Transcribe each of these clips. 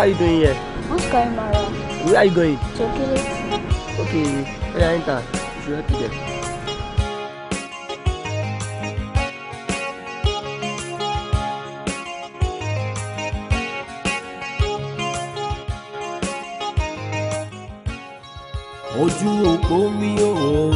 What are you doing here? I'm carrying Mara. Where are you going? To Chocolate. Okay, when I enter, you help me there. ojú òpó wí òun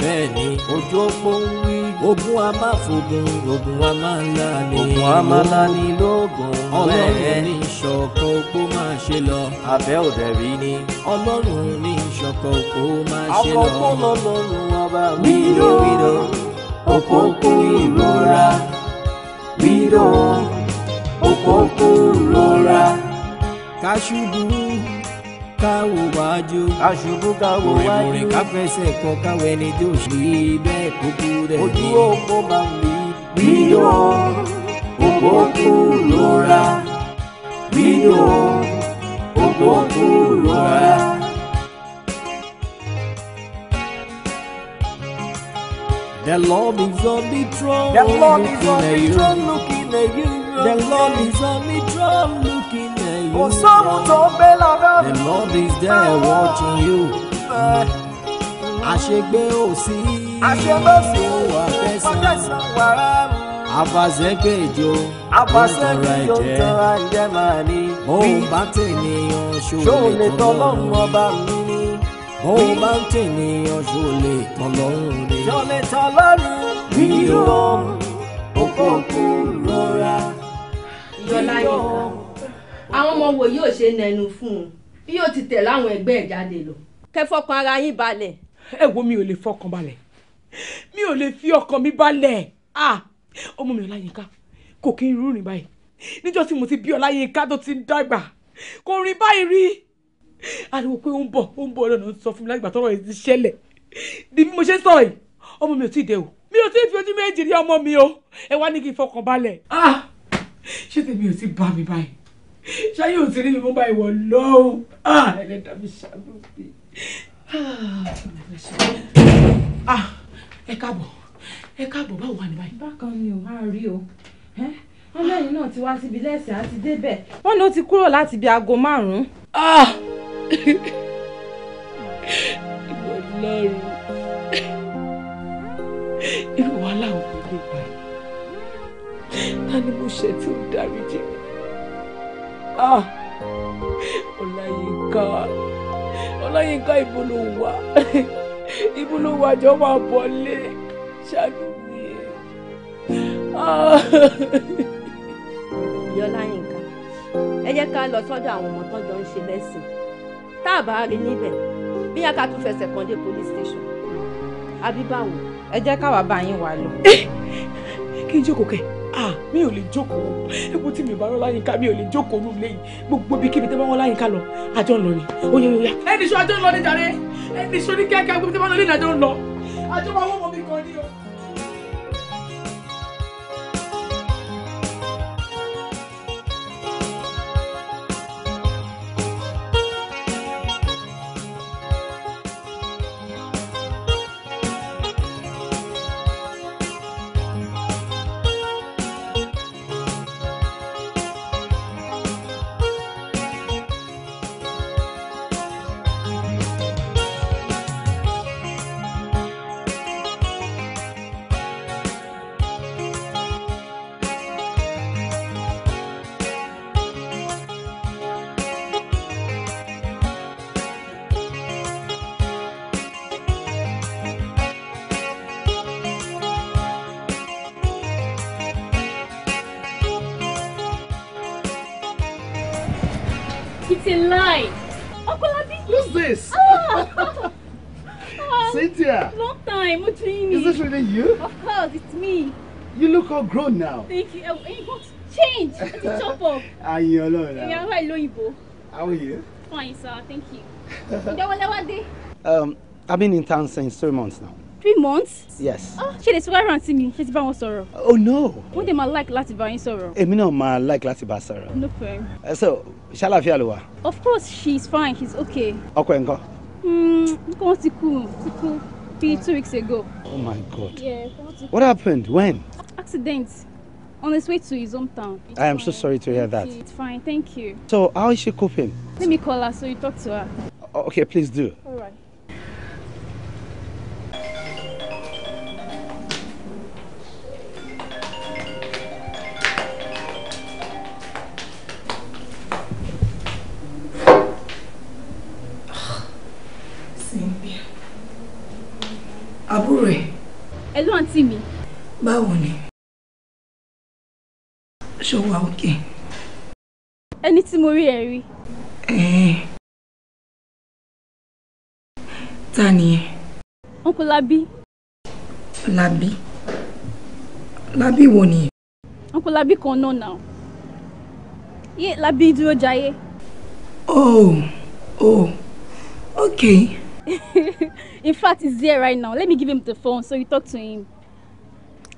bẹ́ẹ̀ ni ojú òpó wí. ogun a máa fògùn ogun a máa ń lani ogun a máa lani lóògùn bẹ́ẹ̀ ni ìṣọ̀kan òpó máa ṣe lọ. abẹ́ òde rí ni. ọlọ́run ní ìṣọ̀kan òpó máa ṣe lọ. àkọ́kọ́ lọ́lọ́run ọba wíìdó wíìdó òkòkò ìrora wíìdó òkòkò ìrora. ká ṣubú wájú. ká ṣubú wájú. òrìmùrìn ká fẹsẹ̀ kọ káwé ni tí ò sí kúkú rẹ̀ ni. ojú òpó máa ń wí. wíìdó òkòkò ìrora mi ò ògbó kúrò rárá. The Lord is on the throne, the Lord is on the throne looking at you. The Lord is on the throne looking at you. Kò sóhun tó bẹ́ The Lord is there watching you. I Àṣegbé ò sí. Àṣegbé ò sí. Ó wà fẹsẹ̀ wàrà mi afasẹ́gbẹ̀jọ afasẹ́gbẹ̀jọ tọ́ra ẹ̀jẹ̀ máa ní. bóun bá tènìyàn ṣòlè tọ́lọ́run ọba mi ní. bóun bá tènìyàn ṣòlè tọ́lọ́run ní. ṣòlè tọ́lọ́run bí yóò òkòkò rọra. yọlá yọlá àwọn ọmọ wo yóò ṣe nẹnu fún un bí yóò ti tẹ̀ láwọn ẹgbẹ́ ẹ̀ jáde lọ. kẹ́ fọkàn ara yín balẹ̀. ẹ wo mi ò lè fọkàn balẹ̀ mi ò lè fi ọkàn mi balẹ̀ ah ọmọ mi ọláyínká kò kí n rúrin báyìí níjọ́ tí mo ti bí ọláyínká tó ti ń dàgbà kò rìn báyìí rí ariwo pé ó ń bọ̀ ó ń bọ̀ ọlọ́run sọ fún mi lágbà tọ́rọ̀ yìí ti ṣẹlẹ̀ di bí mo ṣe sọ yìí ọmọ mi ò tí ì dé o mi ò tí ì fi ojú méjì rí ọmọ mi o ẹ wá ní kí n fọkàn balẹ̀. Ah! ṣé tèmi ò ti bá mi báyìí ṣáyé ò ti rí mi mú báyìí wọ̀ lọ́hùn ah! ẹlẹ́dàá mi ṣàlùbí. Ah! ẹ káàbọ̀ ẹ káàbọ̀ báwo wà ní báyìí. bákan ni ò á rí o wọn lẹ́yìn náà ti wá síbi lẹ́sẹ̀ àti débẹ̀ wọ́n ní ó ti kúrò láti ibi aago márùn-ún. Ah! ìwọ lọ́rùn irú wàhálà ò ní lè gbà yìí ta ni mo ṣe tí ó dárí jì ah! ọláyínká ọláyínká ibo ló wà ibo jọ máa bọ̀ lé ṣàánú ah. mi. Yọláyínká ẹ jẹ́ ká lọ sọ́dọ̀ àwọn ọmọ tó jọ ń ṣe lẹ́sìn tá a bá rí níbẹ̀ bí a ká tún fẹsẹ̀ kan dé police station àbí báwo. ẹ jẹ́ káwa bá yín wá lọ. Eh, kí n jókòó kẹ ah mi ò lè jókòó epo tí mi ò bá rán láyínká mi ò lè jókòó nù lẹ́yìn gbogbo ibi kíbi tẹ́ bá wọ́n láyínká lọ àjọ ń lọ ni oyè oyè. ẹnì sọ àjọ ń lọ ní jàre ẹnì sọ ní kíákíá gbogbo tẹ́ bá lọ lẹ́yìn àjọ ń lọ àjọ máa wọ́n mọ́ mi kan ní o. so grown now. thank you ẹyin oh, kò change ẹ ti chop up. alone? Ọlọ́run náà. èèyàn wà lóyìnbó. how are you. fine sir thank you. ìdánwòlẹ́wà um I've been in town since three months now. three months. yes. Ah, ṣe lè sọ wá rántí mi ṣe ti bá wọn oh no. wọ́n dẹ̀ máa like láti bá sorrow? sọ̀rọ̀. èmi náà máa like láti bá a sọ̀rọ̀. no problem. Uh, so I feel wà. of course she's fine She's is okay. ọkọ ẹ̀ ńkọ́. nǹkan hmm, wọn ti kú ti kú two weeks ago. oh my god. yeah, what happened when. Accident on his way to his hometown. It's I am fine. so sorry to hear thank that. You. It's fine, thank you. So, how is she coping? Let me call her so you talk to her. Okay, please do. All right. Àbúrò Hello, Auntie mi. Báwo ṣó wà òkè. ẹni tí mo rí ẹ rí. ta ni ẹ. uncle labi. labi labi wo ni. uncle labi kan náà náà yé labi dúró jayé. oh oh okay. in fact he's there right now let me give him the phone so you talk to him.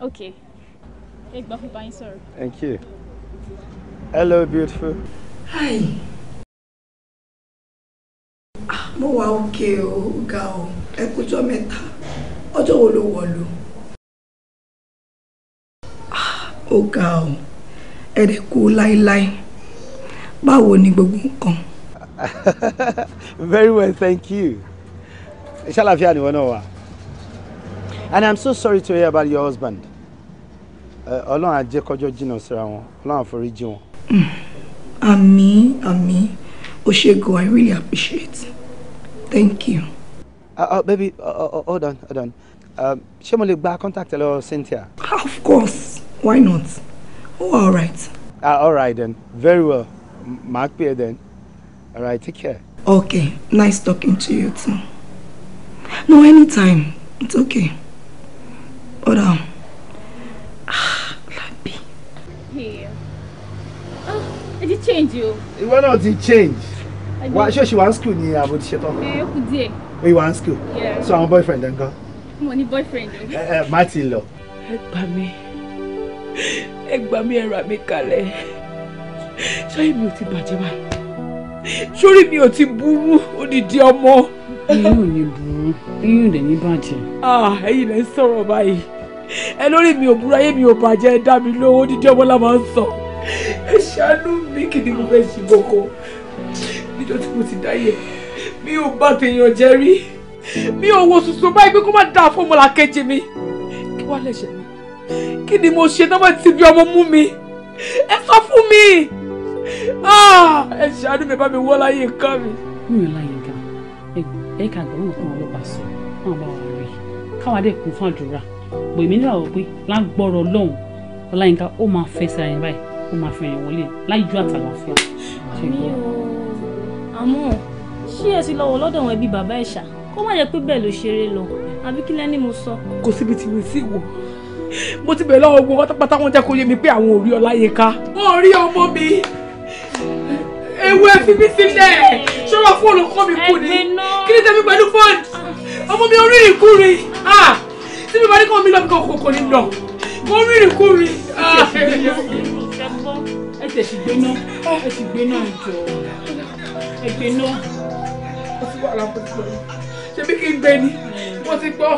okay. Thank you. Hello, beautiful. Hi. Ah, mo wa òkè o, ga o, ẹ kújọ́ mẹ́ta, ọjọ́ wo ló wọ̀lú? Ó ah, ga o, ẹ̀rẹ̀ kú láíláí, báwo ni gbogbo nǹkan? Very well, thank you. Ṣálàfíà fi ani náà wà. And I'm so sorry to hear about your husband. Ọlọ́run á jẹ́ kọ́jọ́ jìnnà síra wọn, Ọlọ́run á foríjì wọn. Mm. Ami, Ami, Oshego, I really appreciate. Thank you. Uh, uh, baby, uh, uh, uh hold on, hold on. Um, ṣé mo lè gba contact a little Cynthia? Of course, why not? Oh, all right. Uh, all right then, very well. Mark pè then. All right, take care. Okay, nice talking to you too. No, anytime, it's okay. Hold on. Ah, Labi. Yeah ẹ ti change o. ìwọ náà ti change wa ṣé o ṣì school ni àbò ti ṣe tán. ẹ ó kù díẹ̀. o yìí wá school. so àwọn boyfriend ẹ ń gan. mo ní boyfriend o. ẹ ẹ má ti lọ. ẹ gbà mí ẹ gbà mí ẹ rà mí kalẹ̀ ṣáyé mi ò ti bàjẹ́ báyìí sórí mi ò ti burú odidi ọmọ. iyún ò ní burú iyún ò dẹ̀ ní bàjẹ́. Ah, ẹ̀yin lẹ ń sọ̀rọ̀ báyìí ẹ lórí mi ò burú ayé mi ò bàjẹ́ ẹ dá mi lówó odidi ọmọ la máa ń sọ ẹ ṣàánú mi kí ni mo fẹ́ ṣe bọ́kọ níjọ́ tí mo ti dáyé mi ò bá tèèyàn jẹ́ rí mi ò wo sùsù báyìí pé kó má dáa fún ọmọ làkejì mi kí wàá lẹ̀ṣẹ̀ mi kí ni mo ṣe náà ti bí ọmọ mú mi ẹ sọ fún mi ah! ẹ ṣàánú mi bá mi wọ́ láyé nǹkan mi. mi ò láyé nǹkan ẹ kà gbọ́n fún ọlọ́pàá sọ wọn bá wà rí káwa dẹ̀ kún fún àdúrà bòmí nígbà wọ pé lágbọ́rọ̀ lọ́hùn ọláyínká ó máa fẹsẹ̀ àyè báyìí kó máa fẹ́ yẹn wọlé láì ju àtàlàfíà. àmì o àmọ́ ṣí ẹ ti lọ́wọ́ lọ́dọ̀ àwọn ẹbí bàbá ẹ̀ṣà kó má jẹ́ pé bẹ́ẹ̀ ló ṣeré lọ àbí kí lẹ́ni mo sọ. kò síbi tí mi sí wò mo ti bẹ̀rẹ̀ lọ́wọ́ gbogbo pátápátá wọn jẹ́ kó yé mi pé àwọn ò rí Ọláyínká. wọ́n rí ọmọ mi ewu ẹ fi mí sílẹ̀ ṣọ́ra fóònù kọ́ mi kú ni kí ni tẹ́mi pẹ̀lú fóònù ọmọ mi orí ìkúrin tí mi bá ní kọ́ mi lọ́ọ́ mi kọ́ kò ní lọ mo rí ẹ gbọ́ ẹ gbéná ẹ gbéná ìjọ ẹ gbéná. ti wà lápòtò ṣé bí kí n gbé ni mo ti gbọ́.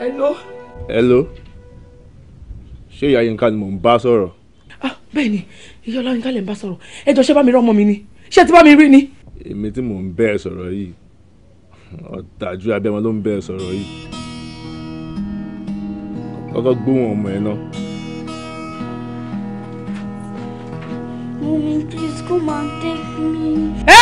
hello. hello ṣé ìyá yín ká ni mò ń bá sọ̀rọ̀. ah bẹ́ẹ̀ ni ìyá ọlọ́yinka lè ń bá sọ̀rọ̀ ẹ jọ ṣé bá mi rí ọmọ mi ni ṣé ti bá mi rí ni. èmi tí mò ń bẹ́ẹ̀ sọ̀rọ̀ yìí ọ̀dájú abẹ́mọ ló ń bẹ́ẹ̀ sọ̀rọ̀ yìí kọ́kọ́ gbóhùn ọmọ ẹ náà. Mommy, please come and take me. ẹ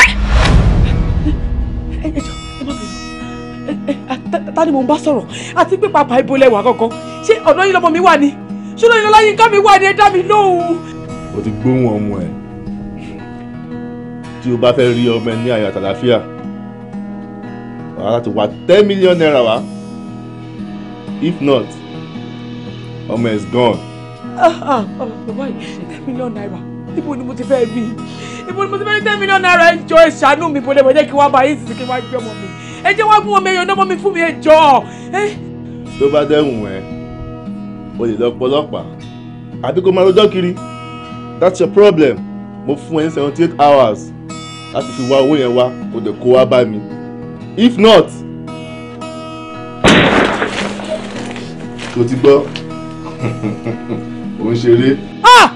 ẹ jọ ẹ má bẹ̀rù ta ni mo ń bá sọ̀rọ̀ àti pé pàpà ibo lẹ́wà kankan ṣé ọ̀dọ́ yín lọ́mọ mi wà ni ṣé lóyún lọ́lá yín ká mi wà ni ẹ dá mi lóhùn. o ti gbóhùn ọmọ ẹ tí o bá fẹ́ rí ọmọ ẹ ní àyà àtàlàfíà wàá láti wá ten million naira wá if not ọmọ is gone. Ah, ah, ah, bàbá yìí ten million naira ibo ni mo ti fẹ́ rí ibo ni mo ti fẹ́ rí ten million naira ẹ jọ̀ọ́ ẹ ṣàánú mi bọ́lẹ̀ bọ́lẹ̀ kí wọ́n bá yìí sì kí wọ́n gbé ọmọ mi ẹ jẹ́ wọ́n gún ọmọ ẹ̀yọ́ náà mọ́ mi fún mi ẹ jọ̀ọ́. tó bá dẹ́hùn ẹ o lè lọ pọlọ́pàá àbí kó máa rojọ́ kiri that's your problem mo fún ẹ ní seventy eight hours láti fi wá owó yẹn wá kó dẹ̀ kó wá bá mi if not kò ti gbọ́. Ah, ò ń ṣeré. mo ah!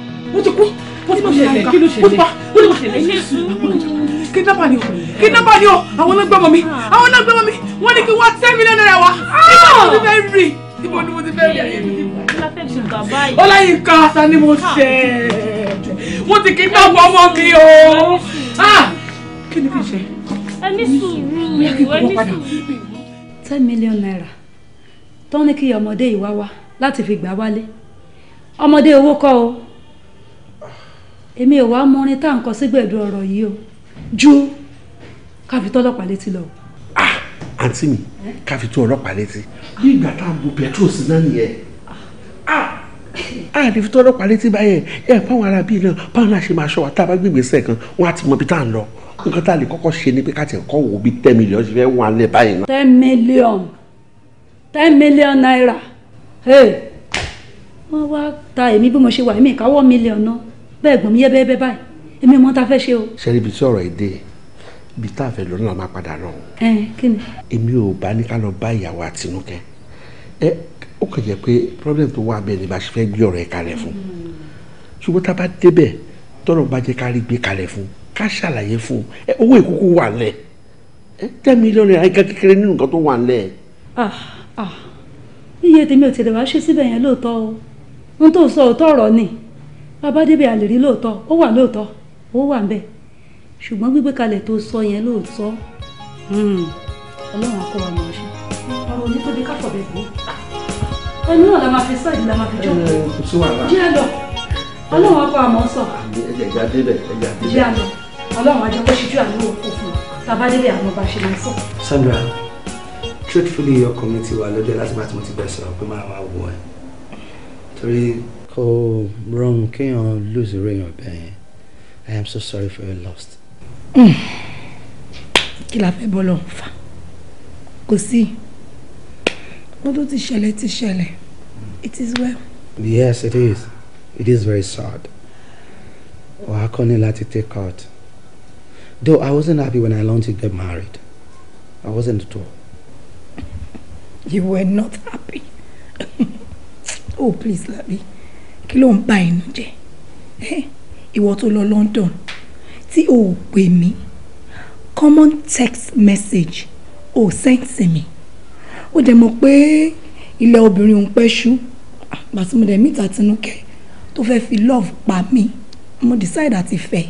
ti kú mo ti kú ṣẹlẹ̀ kí ló ṣẹlẹ̀ mo ti pa mo ti kú ṣẹlẹ̀ kidnapper ni o kidnapper ni o àwọn ọlọ́gbọ́n mọ̀ mi ah. àwọn ọlọ́gbọ́n mọ̀ mi wọ́n ní kí wọ́n ten million naira wa ah! ibo ni mo ti fẹ́ rí ibo ni mo ti fẹ́ rí ayé mi ti bọ̀. ọláyínká ta ni mo ṣe wọ́n ti kidnap ọmọ mi o kí ni kí n ṣe ẹni sùúrù ẹni sùúrù. ten million naira tó ní kí ọmọdé yìí wá wá láti fi gbà wálé ọmọdé owó kọ́ o èmi ò wá mọrin tá à ń kọ sígbẹ̀dù ọ̀rọ̀ yìí o ju káfi tọ́lọ́pàá létí lọ. ah àǹtí mi káfi tó ọlọ́pàá létí bí ìgbà tá a bu petros náà nìyẹn ah a lè fi tọ́lọ́pàá létí báyẹn ẹ fáwọn ará bíi náà báwọn náà ṣe máa ṣọ́ wa tá a bá gbègbè sẹ́ẹ̀kan wọ́n á ti mọ ibi tá à ń lọ nǹkan tá a lè kọ́kọ́ ṣe ni pé ká tẹ̀ kọ́ wò bí ten million ṣe fẹ́ wọ́n alẹ́ báyìí náà. ten million ten million naira wọ́n wá ta èmi bí mo ṣe wà èmi ìkáwọ́ mi lè ọ̀nà bẹ́ẹ̀ gbọ́n mi yẹ bẹ́ẹ̀ bẹ́ẹ̀ báyìí èmi mọ́ ta fẹ́ ṣe o. ṣe ibi tí ọ̀rọ̀ èdè ibi tá a fẹ́ lọ náà máa padà rán o. èmi ò bá ní ká lọ bá ìyàwó àtinúkẹ́ ẹ ó kàn jẹ́ pé problem tó wà bẹ́ẹ̀ ni bá ṣe fẹ́ gbé ọ̀rọ̀ ẹ̀ kalẹ̀ fún ṣùgbọ́n tá a bá débẹ̀ tọ́rọ̀ bá jẹ́ ká rí gbé kalẹ̀ fún ká ṣàlàyé fún ẹ owó ìkókó wà lẹ̀ ẹ ten million naira nǹkan kékeré nínú nǹkan tó wà lẹ̀. ah ah iye tèmi ò tẹ̀lé wá ṣe síbẹ̀ yẹn lóòótọ́ o n tó sọ òótọ́ ọ̀rọ̀ ni bàbá àlèrí lóòótọ́ ó wà lóòótọ́ ó wà ń ṣùgbọ́n gbígbé kalẹ̀ tó sọ yẹn lóòótọ́ hmm. ọlọ́run akọ́wà mọ̀ ọ́ ṣe ọ̀rọ̀ òní tóbi káfọ̀ bẹ̀ bò ẹnu náà la máa fi sáàdì la máa fi jọ jẹ́ lọ ọlọ́run akọ́wà mọ̀ ọ́ sọ jẹ́ lọ ọlọ́run àjọpọ̀ ṣíjú àlọ́ òfin tàbá débi àwọn ọba ṣe máa truthfully your community ti wà lọ́jọ́ láti bá tí mo ti bẹ̀ sọ̀rọ̀ pé máa máa wọ ẹ̀ torí. kò rọrùn kéèyàn lose rèèyàn bẹ́ẹ̀ I am so sorry for your loss. kí la fẹ́ bọ́ lọ́hùn fa kò sí wọ́n tó ti ṣẹlẹ̀ ti ṣẹlẹ̀ it is well. yes it is it is very sad wàá kọ́ ni láti take out though I wasn't happy when I learned to get married I wasn't at all you were not happy oh please Labi kí ló ń bà inú jẹ́ ìwọ tó lọ London tí o ò pè mí common text message o oh, send sí mi ó dẹ̀ mọ̀ pé ilẹ̀ obìnrin òun pẹ́ ṣú àgbàtí mo dẹ̀ mìta tinúkẹ́ tó fẹ́ fi love pa mí mo decide àti fẹ́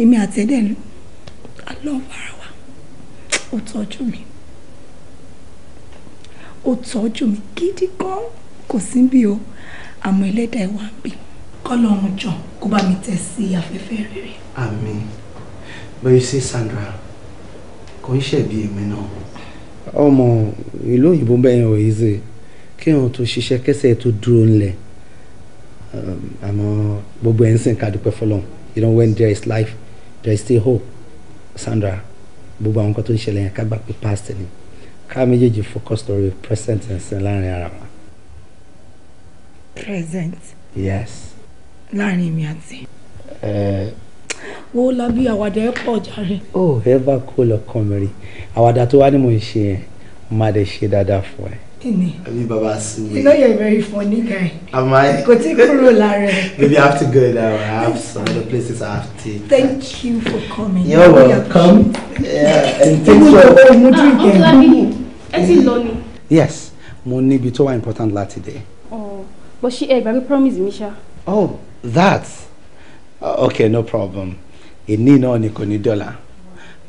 èmi àti ẹ̀dẹ̀ I love ara wa ó tọ́jú mi ó tọ́jú mi gidi gan kò sí bí o àmọ́ ẹlẹ́dàá ẹ̀ ń bì kọ́lọ́run jọ kó bá mi tẹ̀ sí afẹ́fẹ́ rere. àmín but you see Sandra kò ń ṣẹ̀bi èmi náà. ọmọ ìlú òyìnbó bẹ́ẹ̀ ò yí sí kí wọn tó ṣiṣẹ́ kẹsẹ̀ tó dúró ńlẹ̀ um, àmọ́ gbogbo ẹ̀ ń sìn ká dúpẹ́ fọlọ́n you know when there is life there is still hope Sandra gbogbo àwọn kan tó ń ṣẹlẹ̀ yẹn ká gbà pé past ni ká méjèèjì focus lórí present ẹ̀sìn láàrin ara wa. present. yes. láàrin mi àti. ẹ. Eh. la labi àwàdà ẹ pọ̀ jàre. o ẹ bá kó lọ kàn mí rí àwàdà tó wá ní mò ń ṣe yẹn má dé ṣe dáadáa fún ẹ. Abi baba Sule. You know you're a very funny guy. Am I? Kò tí kúrò lára ẹ̀. Maybe I have to go now. I have some other places I have to. Thank you for coming. You're welcome. Yeah, and thanks for. Ọmọ drink ẹ̀. Ah, eh? ẹ lọ ni. yes mo ní ibi tó wà important láti dé. oh but ṣe ẹ gbàgbé promise mi ṣá. oh that uh, okay no problem èní náà ni kò ní dọ́là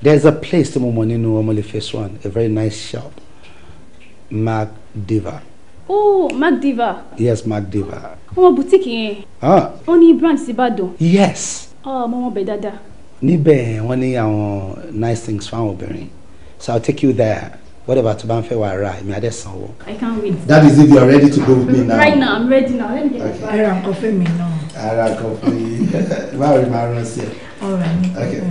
there's a place tí mo mọ̀ nínú ọmọlẹ̀ phase one a very nice shop mark diva. oh mark diva. yes mark diva. ọmọ boutique yẹn. ah. ó ní branch sí Ìbàdàn. yes. ọ ah, mo mọ̀ bẹ́ẹ̀ dáadáa. níbẹ̀ wọ́n ní àwọn nice things fáwọn obìnrin so I'll take you there whatever tó bá ń fẹ́ wà ra èmi adé sanwó. i can't wait. that is if you are ready to go with me now. right now i'm ready now let me get okay. ara nǹkan fẹ́ mi náà. ara nǹkan fún yín báwo ni màá rán sí all right okay.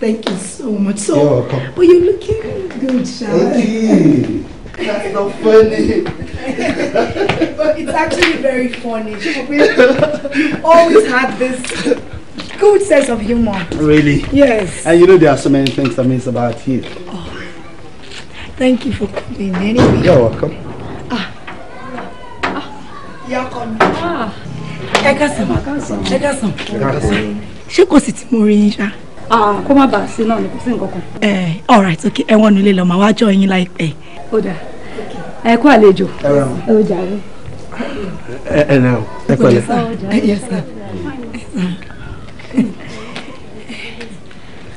thank you so much. so you're welcome. but you're looking good sha. thank you. That's not funny. but it's actually very funny. You've always had this good sense of humor. Really? Yes. And you know there are so many things that means about you. Thank you for coming anyway. You're welcome. Ah. Ah. You're coming. Ah. Ẹ káàsán. Ẹ káàsán. Ẹ káàsán. Ṣé kò sí tí mo rí yín ṣá? Ah, kó má bàa sí náà ni kò sí nǹkan kan. Ẹ all right okay ẹ wọ́n nílé lọ màá wá jọ yín láìpẹ́. Ó dà ẹ kú àlejò. Ẹ rà mọ́. Ẹ ò jàre. Ẹ ẹ náà ẹ pẹ̀lẹ́. Ẹ yẹ sá.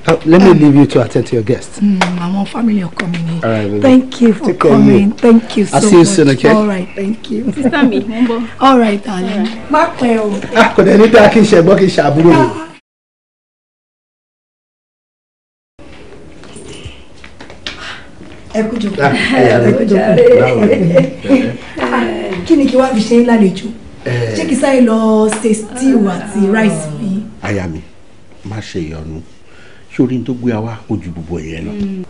Uh, let me um, leave you to attend to your guests. Mm, whole family are coming in. All right, baby. Thank you for Take coming. You. Thank you so much. I'll see you much. soon, okay? All right, thank you. Sister mi, All right, darling. Má pẹ́ o. Ah, kò dẹ̀ ní dáa kí n ṣe ẹ̀gbọ́n kí n ṣe àbúrò mi. Ẹ kú jókòó. Ah, ẹ kú jókòó. Ah, kí ni kí wá fi eh. stew àti rice mi? Aya mi, má ṣe sórí tó gbé wa kò ju gbogbo yẹn lọ. Mm.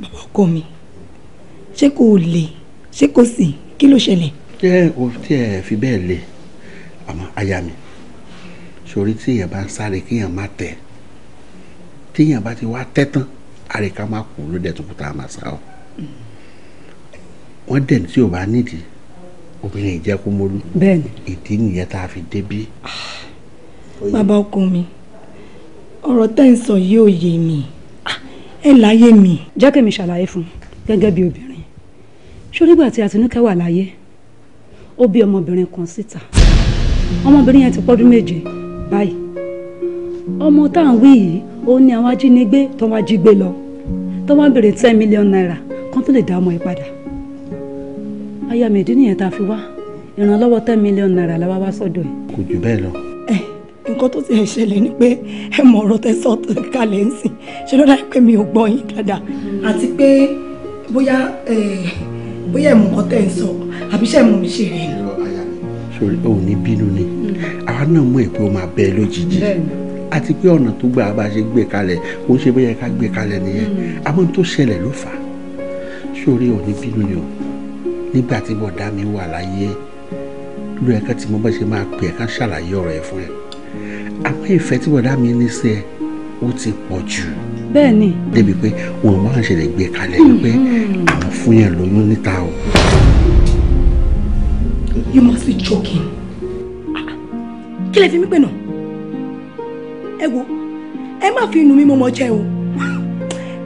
bàbá ọkọ mi ṣé kò lè ṣé kò sì kí ló ṣẹlẹ̀. jẹ́ o tí ẹ fi bẹ́ẹ̀ lè àmọ́ aya mi sórí tí èèyàn bá ń sáré kéèyàn má tẹ̀ tí èèyàn bá ti wá tẹ́ tán àríkà má kú ló dẹ̀ tó kú tá a máa sá o wọ́n dẹ̀ tí ò bá nídìí obìnrin ìjẹ́kùmọ́lú ìdí nìyẹn tá a fi débí. Ah. bàbá ọkọ mi ọ̀rọ̀ tẹ́ ń sọ yìí ò yé mi ah, ẹ láyé mi. jẹ́ kí mi ṣàlàyé fún un gẹ́gẹ́ bí obìnrin ṣó nígbà tí Àtinúkẹ́ wà láyé ó bí ọmọbìnrin kan síta ọmọbìnrin yẹn ti pọ́dún méje báyìí ọmọ tá à ń wí yìí ó ní àwọn ajínigbé tó wá jí gbé lọ tó wá ń ten million naira kan tó lè dá ọmọ yìí padà aya mi ìdí nìyẹn tá a fi wá ìrànlọ́wọ́ ten million naira la wá wá sọ́dọ̀ ẹ̀. kò jù bẹ́ẹ̀ lọ nǹkan tó ti ẹ̀ ṣẹlẹ̀ ni pé ẹ mọ ọ̀rọ̀ tẹ sọ kalẹ̀ ń sìn ṣe ló dáa pé mi ò gbọ́ yín dáadáa àti pé bóyá bóyá ẹ̀mú nǹkan tẹ̀ ń sọ àbí ṣe ẹ̀mú mi ṣe rẹ̀. sori o ní bínú ni àwa náà mọ̀ ẹ́ pé ó máa bẹ ẹ lójijì àti pé ọ̀nà tó gbà bá ṣe gbé kalẹ̀ kò ń ṣe bóyá ká gbé kalẹ̀ nìyẹn hmm. àmọ́ tó ṣẹlẹ̀ ló fà á sori o ní bínú ni o nígbà tí bọ̀dá mi wà láyé lóyè ká tí mo bá ṣe máa pè é ká ṣàlàyé ọ̀rọ̀ ẹ̀ fún ẹ àmọ́ ìfẹ́ tí bọ̀dá mi ní sí ẹ ó ti pọ̀ jù. bẹ́ẹ̀ débi pé wọn máa ń ṣẹlẹ̀ gbé kalẹ̀ wípé mm-hmm. àwọn fún yẹn lóyún níta o. you must be joking. kí lẹ fi mí pè náà ẹ wo ẹ má fi inú mi mọ́mọ́ jẹ́ o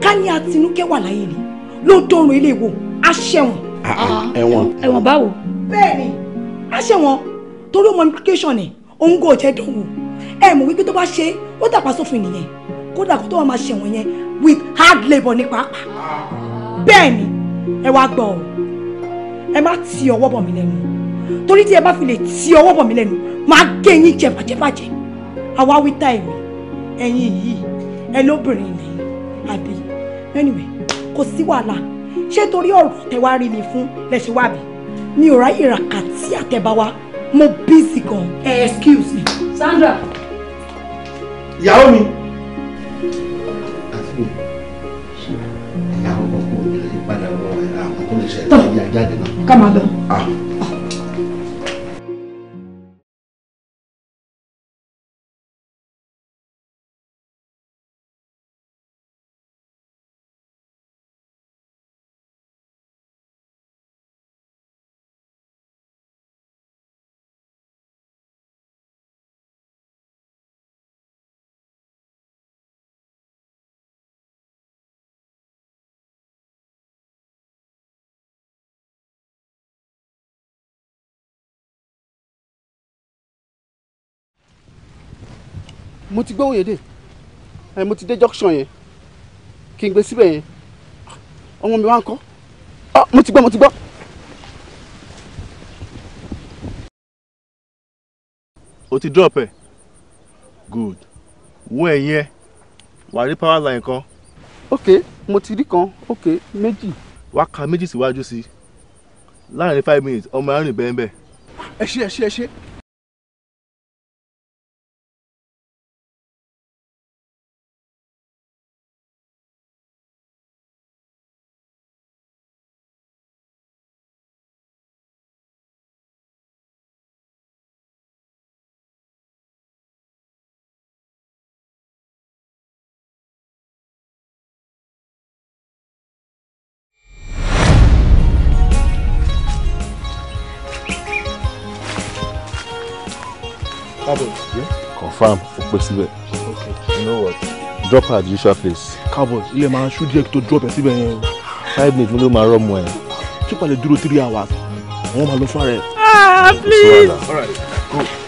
ká ní Àtinúkẹ́ wà láyé ni ló dọ̀rùn ilé wo aṣẹ́wọ̀n. Ah, ah, ẹ̀wọ̀n. ẹ̀wọ̀n báwo. bẹ́ẹ̀ ni aṣẹ́wọ̀n torí ọmọ implication ni òun kò jẹ́ dánwò ẹ mọ̀ wípé tó bá ṣe ó dàpá sófin nìyẹn kódà kó tó wà máa ṣẹ̀wọ̀n yẹn with hard labour ní pàápàá bẹ́ẹ̀ ni ẹ wá gbọ́ ọ ẹ má ti ọwọ́ bọ̀ mí lẹ́nu torí tí ẹ bá fi lè ti ọwọ́ bọ̀ mí lẹ́nu máa gé yín jẹ bàjẹ́bàjẹ́ àwa wí tá èmi ẹ̀yin yìí ẹ lóbìnrin ilẹ̀ yìí àbí anyway kò sí wàhálà ṣé torí ọ̀rọ̀ tẹ wá rí mi fún lẹ́sẹ̀ wá bí mi ò ráyè ràkàtì àtẹ̀bá wa mo busy gan. ẹ excuse me. Sandra ìyàwó mi. àti ìyàwó ọkùnrin padà wọ àwọn tó lè ṣe ìyá jáde náà. ká máa lọ. Ah. mo ti gbóhùn yẹn dé ẹ mo ti dé junction yẹn kí n gbé síbẹ̀ yẹn ọmọ mi wá ń kọ́ mo ti gbọ́ mo ti gbọ́. o ti drop ẹ good wo ẹyin ẹ wàá rí power line kan. ok mo ti rí kan ok méjì. wàá ka méjì síwájú sí i láàrin five minutes ọmọ arìnbẹ́ńbẹ́. ẹ ṣe ẹ ṣe ẹ ṣe. síbẹ̀. you know what drop at the usual place. cowboy ilé máa ṣú díẹ̀ tó drop ẹ̀ síbẹ̀ yẹn o. five minutes ló máa rọ́ọ̀mù ẹ̀. tí o bá lè dúró three hours wọ́n máa lọ fún ara ẹ̀. ah please. all right go.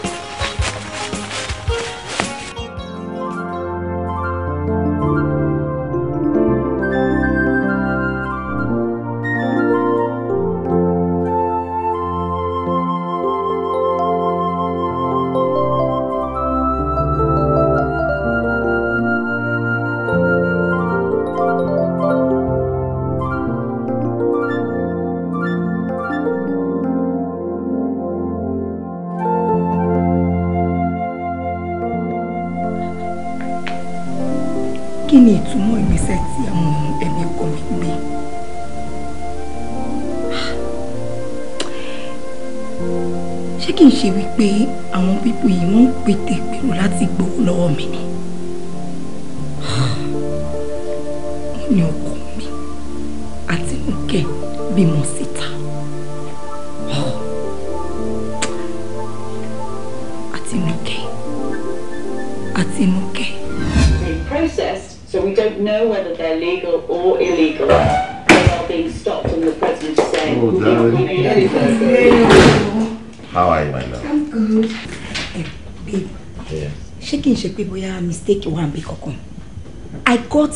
ẹ̀mí ọkọ mi gbé. ṣé kìí ṣe wípé àwọn pípò yìí wọ́n ń pètè pèrò láti gbowó lọ́wọ́ mi ni wọ́n ní ọkọ mi àti nìkẹ́ bímọ síta àti nìkẹ́ àti nìkẹ́. So we don't know whether they're legal or illegal. They are being stopped, and the president is saying, oh, How are you, my love? I'm good. Eh, babe. Yeah. Shaking shake people, yeah, mistake one big cocoon. I got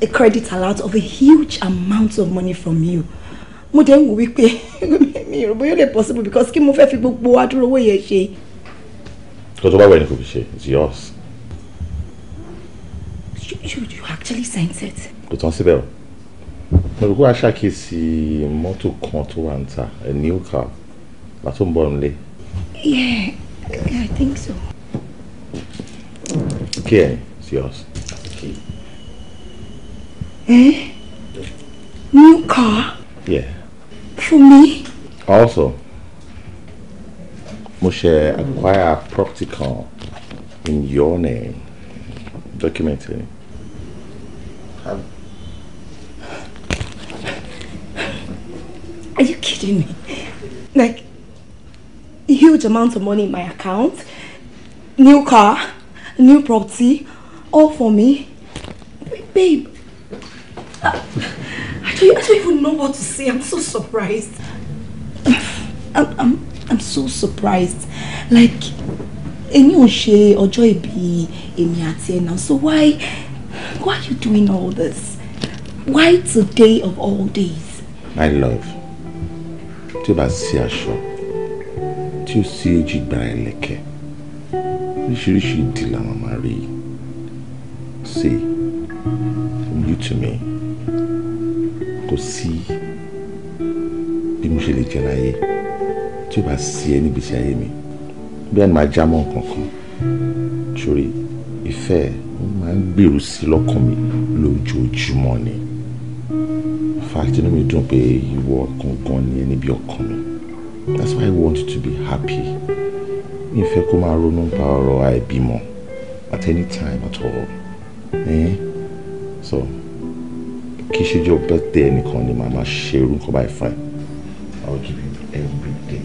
a credit alert of a huge amount of money from you. Mo will we pay? wípé mi ò possible because kí mo fẹ́ fi gbogbo adúrò owó yẹn ṣe. Tó tó bá wẹ̀ ni it's yours. You, you, you actually sent it. kò tán síbẹ̀ o mo rò pé a ṣàkíyèsí mọ́tò kan tó wà a new car látó ń bọ̀ nílé. yeah i think so. Okay, it's yours. ọs. Eh? New car? Yeah. For me? Also, mo ṣe acquire property car in your name document. Eh? Are you kidding me? Like, huge amounts of money in my account, new car, new property, all for me. Babe, I don't, I don't even know what to say. I'm so surprised. I'm, I'm, I'm so surprised. Like, èmi ò ṣe ọjọ́ ìbí èmi àti ẹ̀ now. so why? Why are you doing all this? Why today of all days? My love, tí o bá sí see tí by sí ojìgbà ẹlẹ́kẹ̀, oríṣiríṣi ìdí làwọn máa rí. Say, you to me, Go see. bí mo ṣe lè jẹ láyé tí o bá sí ẹ níbi tí ayé mi. Bí ẹni ìfẹ́ ó máa ń gbèrú sí lọ́kàn mi lójoojúmọ́ ni fact inú mi dùn pé ìwọ gangan ni ẹni bí ọkàn mi that's why I want to be happy mi fẹ́ kó máa ronú nípa ọ̀rọ̀ àìbímọ at any time at all eh? so kì í ṣe jọ birthday ẹnìkan ni màá máa ṣe irú nǹkan báyìí fún I will give you every day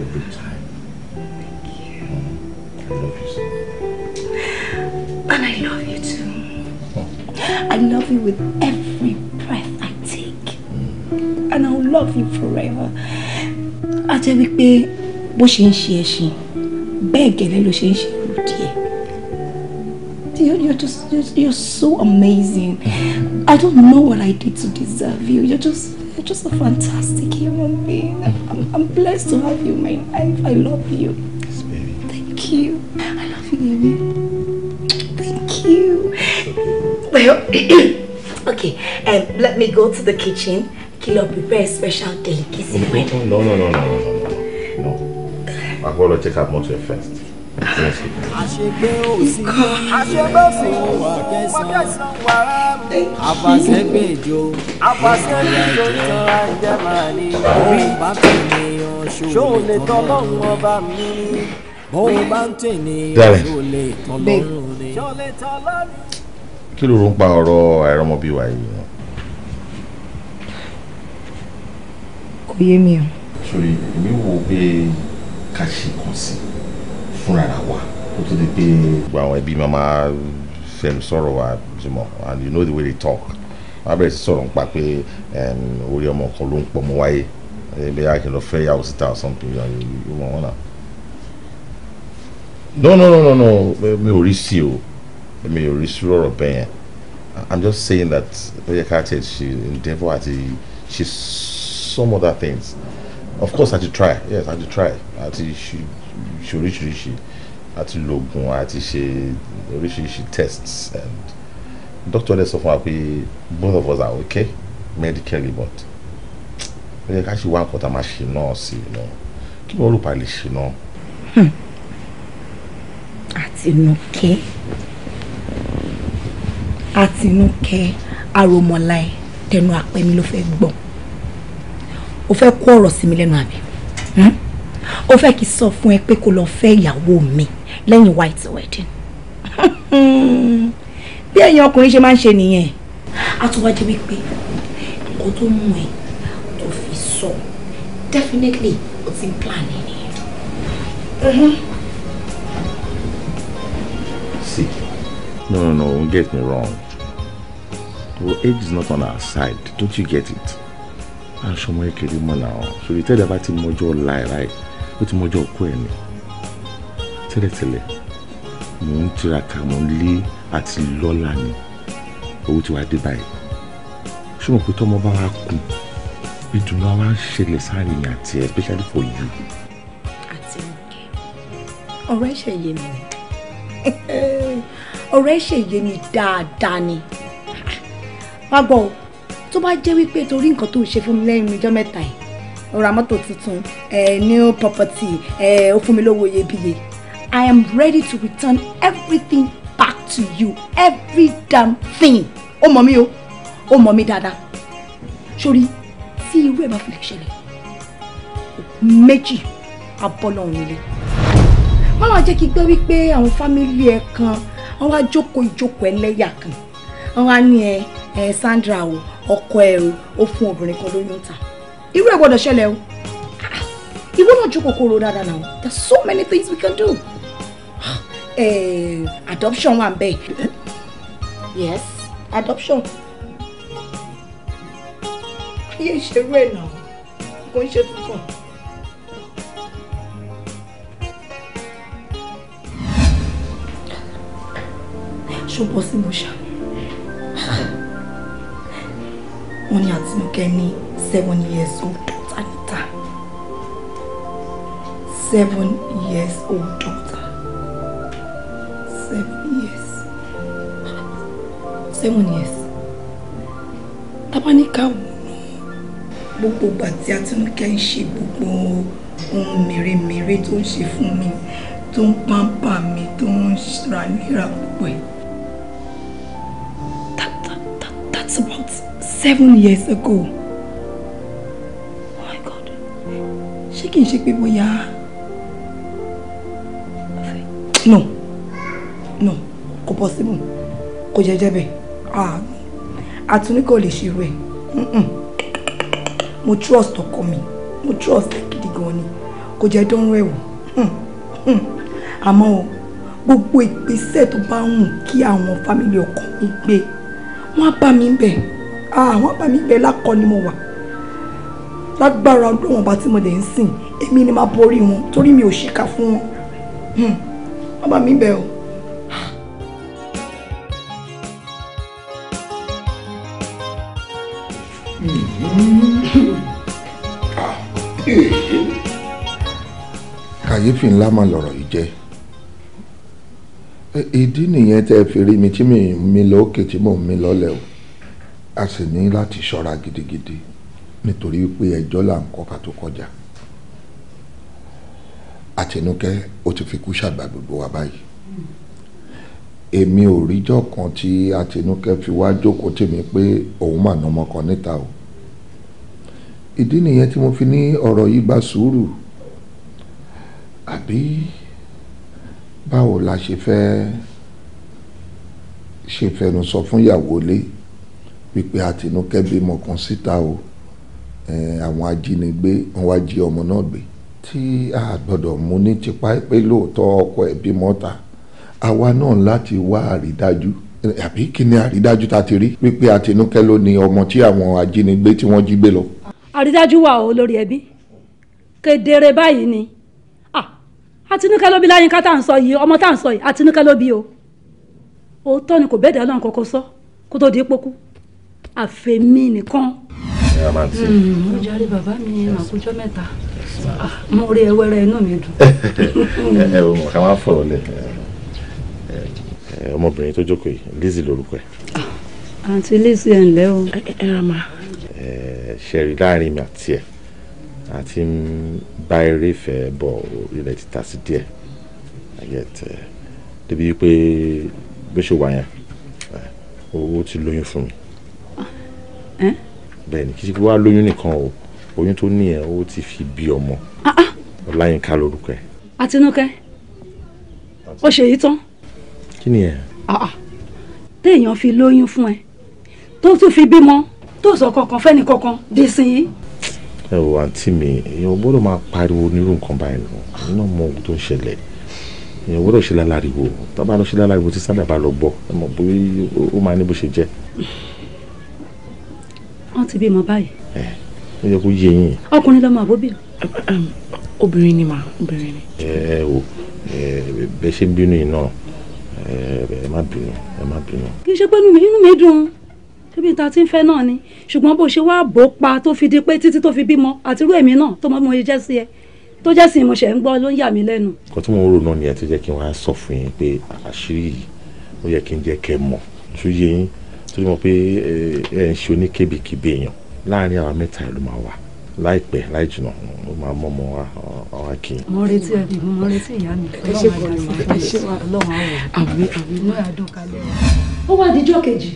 every time. I love you with every breath I take. And I'll love you forever. A jẹ́ wípé bó ṣe ń ṣe ẹṣin gẹ́lẹ́ ló ṣe òdì ẹ̀. You're, you're just, you're, you're so amazing. I don't know what I did to deserve you. You're just, you're just a fantastic human being. I'm, I'm blessed to have you in my life. I love you. Yes, baby. Thank you. I love you, baby. Well, okay, um, let me go to the kitchen. Kilo prepare a special delicacy No, no, no, no, no, no, no. No. I've got to take out more to your first. Darling, kí ló ń pa ọ̀rọ̀ àìrọ́mọbí wa yìí nù. kò yé mi o. sori èmi wo pé ká ṣe kàn sí fúnra wa kó tó di pé. gbogbo àwọn ẹbí máa máa fẹ́mi sọ̀rọ̀ wa jùmọ̀ and you know the way they talk wọ́n bẹ̀rẹ̀ sí sọ̀rọ̀ nípa pé orí ọmọ kan ló ń pọ̀ mọ́ wáyé bẹ́ẹ̀ a kì í lọ fẹ́ yàwó síta or something you know wọn náà. no no no no no mi ò rí sí o. I mean, rí sírò ọ̀rọ̀ bẹ́ẹ̀ i'm just saying that ó yẹ ká tẹ̀ ṣe endeavour àti ṣe some other things of course àti try yes àti try At she, àti ṣe oríṣiríṣi àti lo oògùn àti reach, she tests and doctor dẹ̀ sọ fún wa both of us are okay medically but ó yẹ ká ṣe wá nǹkan tá a máa ṣe náà sí i náà kí wọ́n rò pa lè okay àtinúkẹ́ àròmọ̀láì tẹnu àpẹmí ló fẹ́ gbọ́ o fẹ́ kó ọ̀rọ̀ sí mi lẹ́nu àbí hmm? o fẹ́ kí sọ fún ẹ pé kó lọ fẹ́ ìyàwó mi lẹ́yìn white wedding bí ẹ̀yin ọkùnrin ṣe máa ń ṣe nìyẹn a tún wá jẹ́ wípé nǹkan tó mú ẹ tó fi sọ definitely o ti ń plan nìyẹn. Mm-hmm. See, no, no, no, get me wrong. Well, age is not on our side. Don't you get it? And ṣọmọ kékeré mọ̀ now. So the tẹ́lẹ̀ bá ti mọjọ́ ọ̀la ẹ̀ báyìí, ó ti mọjọ́ ọkọ ẹ̀ ni. Tẹ́lẹ̀tẹ́lẹ̀, mò ń tiraka, mò ń lé àti lọ́la ni. Owó ti wá dé báyìí. Ṣé mo pe tọ́mọ bá wa kù? Ìdùnnú àwa ń ṣẹlẹ̀ sáàrin àti ẹ̀ especially for you. Àti òkè, ọ̀rọ̀ ẹ̀ṣẹ̀ yé mi. Ọ̀rọ̀ ẹ̀ṣẹ̀ yé mi dáadáa ni. Da, da, wá gbọ́ o tó bá jẹ́ wípé torí nǹkan tó ṣe fún mi lẹ́yìn ìjọ mẹ́ta yìí ra mọ́tò tuntun new property ó fún mi lówó iyebíye I am ready to return everything back to you every damn thing ó mọ̀ mí o ó mọ̀ mí dáadáa sórí tí irú ẹ̀ bá fi lè ṣẹlẹ̀ méjì abọ́lọ̀ òun lé má wàá jẹ́ kí gbọ́ wípé àwọn fámìlì ẹ̀ kan wọ́n wá jókòó ìjókòó ẹlẹ́yà kan wọ́n wá ní ẹ ẹ Sandra o ọkọ ẹ ó fún obìnrin kan lóyún ta irú ẹ gbọ́dọ̀ ṣẹlẹ̀ o ah, ìwọ náà ju kòkòrò dáadáa náà there are so many things we can do eh, adoption wà bẹ́ẹ̀ yes adoption ayé ìṣerú ẹ̀ náà kò ń ṣe tuntun. ṣùgbọ́n sí mo ṣàmì. wọ́n ní àtinúkẹ́ ní seven years old daughter níta seven years old daughter seven years seven years tábánikà wò gbogbo ìgbà tí Àtinúkẹ́ ń ṣe gbogbo ohun mèremère tó ń ṣe fún mi tó ń pàǹpà mi tó ń ra níra púpọ̀ ẹ̀. seven years ago oh my god ṣé kìí shake people, bóyá no no kò possible kò ah. Atuni àtúní kò lè mm. rẹ mo trust to mi mo trust gidi gan ni kò jẹ dánrọ ẹwọ hmm. hmm. àmọ́ o gbogbo ìgbésẹ̀ tó bá ń wù kí àwọn fámìlì mi gbé wọn á mi bẹ́ẹ̀ àwọn bá mi bẹ lákọ ni mo wà lágbára ọdún wọn bá tí mo dẹ̀ ń sìn èmi ni máa borí wọn torí mi ò ṣìkà fún wọn hmm, wọn bá mi bẹ o. kàyéfì ńlá máa lọ̀rọ̀ yìí jẹ́ ìdí nìyẹn tẹ́ fi rí mi tí mi mi lọ òkè tí mò ń mi lọ́lẹ̀ o a sì ní láti ṣọ́ra gidigidi nítorí pé ẹjọ́ là ń kọ́ ká tó kọjá àtinúkẹ́ ó ti fi kú ṣàgbà gbogbo wa báyìí èmi ò ríjọ́ kan tí àtinúkẹ́ fi wá jókòó tèmi pé òun mà nà ọmọ kan níta o ìdí nìyẹn tí mo fi ní ọ̀rọ̀ yìí bá sùúrù àbí báwo la ṣe fẹ́ ṣe fẹnu sọ fún ìyàwó lé wípé àtinúkẹ́ bímọ kan síta o àwọn ajínigbé wọn wá jí ọmọ náà gbé tí a gbọ́dọ̀ mú ní tipa pé lóòótọ́ ọkọ ẹ̀ bímọ ta àwa náà láti wá àrídájú àbí kí ni àrídájú tá ti rí wípé àtinúkẹ́ ló ní ọmọ tí àwọn ajínigbé tí wọ́n jí gbé lọ. àrídájú wà ó lórí ẹbí kedere báyìí ni àtinúkẹ́ ló bí láyínká tá à ń sọ yìí ọmọ tá à ń sọ yìí àtinúkẹ́ ló bí o òótọ́ ni kò bẹ́ẹ̀ dá lọ́n kọ́kọ́ sọ kó tó di pọ́kú àfẹ̀mí nìkan. mo mm-hmm. jàre bàbá mi àkójọ mẹ́ta ah, mo rí ẹwẹ́rẹ́ inú mi dùn. ẹ ò mọ̀ ká má fọ̀rọ̀ lẹ̀ ọmọbìnrin tó jókòó yìí Lizzy lorúkọ ẹ̀. Ah, àǹtí Lizzy ẹ̀ ǹlẹ́ o. ẹ ràn má. ṣẹ̀rí láàrin mi àti ẹ̀ àti bá eré ìfẹ́ bọ̀ ilẹ̀ ti ta sí díẹ̀ débi pé bó ṣe wà yẹn owó ti lóyún fún mi bẹ́ẹ̀ni kì í ṣe pé wàá lóyún nìkan o oyún tó ní ẹ ó ti fi bí ọmọ ah, ah. ọláyínká lórúkọ ẹ. àtinúkẹ́ ó ṣe yìí tán. kí ni ẹ. Ah, téèyàn fi lóyún fún ẹ tó tún fi bímọ tó sọ kankan fẹ́ni kankan dé sí i. ẹ wo àǹtí mi èèyàn gbọ́dọ̀ máa pariwo onírú nǹkan báyìí lọ nínú ọmọ ohun tó ń ṣẹlẹ̀ èèyàn gbọ́dọ̀ ṣe lálàriwo tó bá lọ ṣe lálàriwo tí sádà bá lọ gbọ́ ẹ mọ̀ bóyá ó máa ní bó ṣe jẹ́ wọ́n ti bímọ báyìí. ẹ ó yẹ kó yé yín. ọkùnrin lọmọ àbóbì. obìnrin ni mà obìnrin ni. ẹ ẹ wo bẹ ṣe ń bínú yìí náà ẹ má bínú ẹ má bínú. kì í ṣe pé inú mi dùn ibi tá a ti ń fẹ́ náà ni ṣùgbọ́n bó ṣe wá bò pa tó fi di pé títí tó fi bímọ àti irú èmi náà tó mọ mo jẹ́ sí ẹ tó jẹ́ sí mo ṣẹ̀ ń gbọ́ ló ń yà mí lẹ́nu. nǹkan tí mo rò náà nìyẹn tó jẹ́ kí wọ́n á sọ fún yín pé àṣírí yìí ó yẹ kí n jẹ́ kẹ́ mọ̀ ṣó yé yín torí mo pé ẹ ń ṣe oníkébèkébè èèyàn láàrin àwọn mẹ́ta ìlú máa wà láìpẹ́ láì jìnnà ó máa mọ ọmọ wa ọwọ kì í. mo retí ẹbí mo retí ìyá mi. ẹ ṣe kò ní ẹ ṣe wà lọ́wọ́ àwọn àmì àmì náà àdùn kalẹ̀. ó wá dijọ́ kejì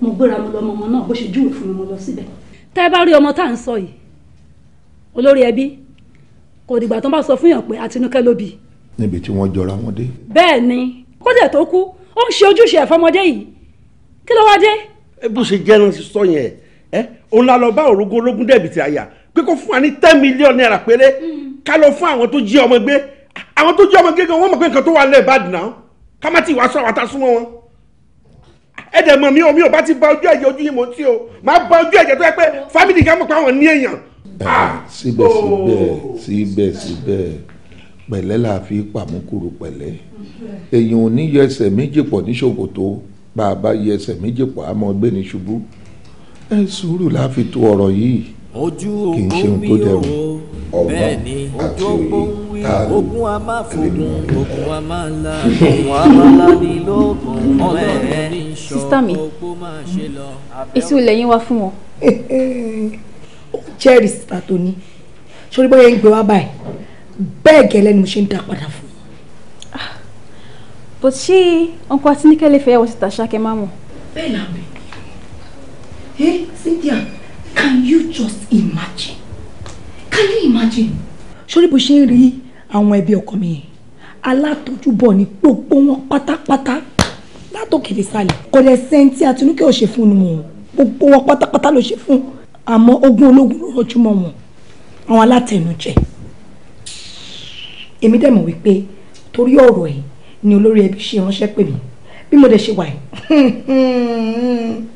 mo gbéra mo lọ ọmọ ọmọ náà bó ṣe júwèé fún mi mo lọ síbẹ̀. tá ẹ bá rí ọmọ tá à ń sọ yìí olórí ẹbí kò dìgbà tó ń bá sọ fún yàn pé àtinúkẹ́ ló bí. níbi tí wọ́n jọra wọn dé. bẹ́ẹ̀ ni kó kí ló wá dé. ẹ bó ṣe jẹ́ náà sọ yẹn ẹ òun la lọ bá òrógó ológun dẹ̀bì ti àyà pé kó fún wa ní ten million naira péré mm. ká lọ fún àwọn tó jí ọmọ gbé àwọn tó jí ọmọ gbé gan wọ́n mọ̀ pé nǹkan tó wà lẹ́ẹ̀ bá dùn náà ká má ti wá sọ àwọn àtàsúnmọ́ wọn ẹ̀dẹ̀ mọ̀ mi ò mi ò bá ti ba ojú ẹ̀jẹ̀ ojú yìí mò ń tí o máa ba ojú ẹ̀jẹ̀ tó yẹ pé fámìlì kan mọ̀ pé àwọn ní èèyàn. Ah! síbẹ̀síbẹ̀ oh! síbẹ̀síbẹ̀ pẹ̀lẹ́ la fi pàmòkúrò pẹ̀lẹ́ èèyàn ò ní yọ ẹsẹ̀ méjì pọ̀ ní ṣòkòtò bá a bá yẹ ẹsẹ̀ méjì pa á mọ́ gbé ní ṣubú ẹ sùúrù la fi tó ọ̀rọ̀ yìí kì í ṣe ohun tó dẹrù ọgbọ́n àti òye tààlù ẹlẹ́dùn. sísítà mi èsì olè yín wá fún wọn. ó jẹ́rìí sísítà tó ní sórí bóyá ń gbé wá báyìí bẹ́ẹ̀ gẹ́lẹ́ ni mo ṣe ń dá padà fún but she, ọkọ Atinúkẹ́ lè fẹ́ yàwó síta ṣáké má mọ̀. bẹ́ẹ̀ náà Cynthia can you just imagine can you imagine. sórí bó ṣe ń rí àwọn ẹbí ọkọ mi yẹn alátojúbọ̀ ní gbogbo wọn pátápátá látòkè dé sálẹ̀ kò dẹ̀ sẹ́ni tí Atinúkẹ́ ò ṣe fún un mọ́ gbogbo wọn pátápátá ló ṣe fún àmọ́ ogún ológun ló rọjú mọ́ wọn àwọn alátẹnujẹ èmi dẹ̀ mọ̀ wípé torí ọ̀rọ̀ yìí ni olórí ẹbí ṣe ránṣẹ́ pè mí bí mo dẹ̀ ṣe wà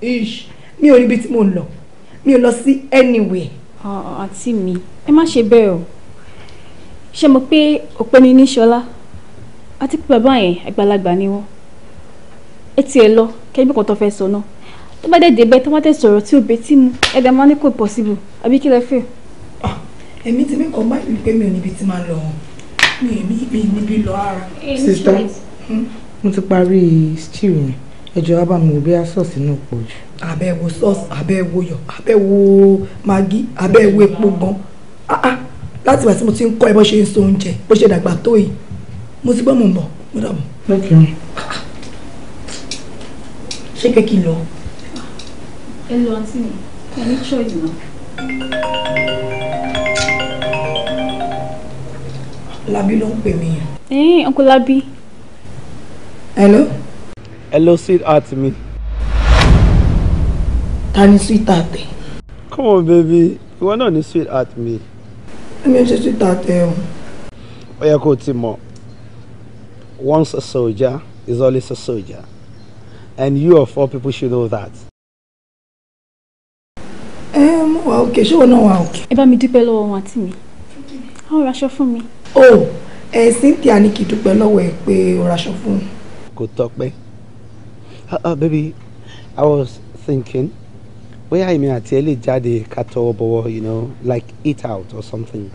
yìí mi ò níbi tí mo ń lọ mi ò lọ sí anywhere. àǹtí mi ẹ má ṣe bẹ́ẹ̀ o ṣe mo pé ọ̀pẹ ni níṣọlá àti pé bàbá yẹn àgbàlagbà ni wọ́n ẹ tiẹ̀ lọ kẹ́bí kan tó fẹ́ sọ náà tó bá dẹ̀ débẹ̀ tó bá dẹ̀ sọ̀rọ̀ tí ò betí mu ẹ̀dá máa ní kò possible àbí kí lẹ fẹ́. Ah, ẹ̀mí tèmi kọ́ máa ń pè mí ò níbi tí máa lọ èmi níbi lọ ara. sista hmm? mo ti parí stew yẹn ẹjọ́ wa bá mi wò bí a sọọsì náà pọ̀ jù. abẹ́wò sọ́ọ̀sì abẹ́wò yọ̀ abẹ́wò magi abẹ́wò epo gan ah, ah, láti wá sí mo ti ń kọ́ ẹ bó ṣe ń so oúnjẹ bó ṣe dàgbà tó yìí mo ti gbọ́ mọ̀ mọ̀ mo dàbọ̀. ṣé pé kí n lọ. ẹ lọ àǹtí mi ẹ ní choice náà. Labi ló ń pè mí yẹn. Ẹ̀yin Uncle Labi. Hello. Hello sweetheart mi. Ta ni sweetheart ẹ? Come on baby, ìwọ náà ni sweetheart mi. Èmi ò ṣe sweetheart ẹ o. Ó yẹ kó o ti mọ̀, once a soldier is always a soldier and you of all people should know that. Ẹ mú wa òkè, ṣé wọn náà wà òkè? Ẹ bá mi dúpẹ́ lọ́wọ́ wọn àti mi, àwọn ò fún mi o ẹ eh, Cynthia ní kí dúpẹ́ lọ́wọ́ ẹ pé o raṣọ fún un. kò tọpẹ́ ah, ah, baby i was thinking bóyá èmi àti ẹ lè jáde ká tọwọ́ bọ̀wọ̀ you know like eat out or something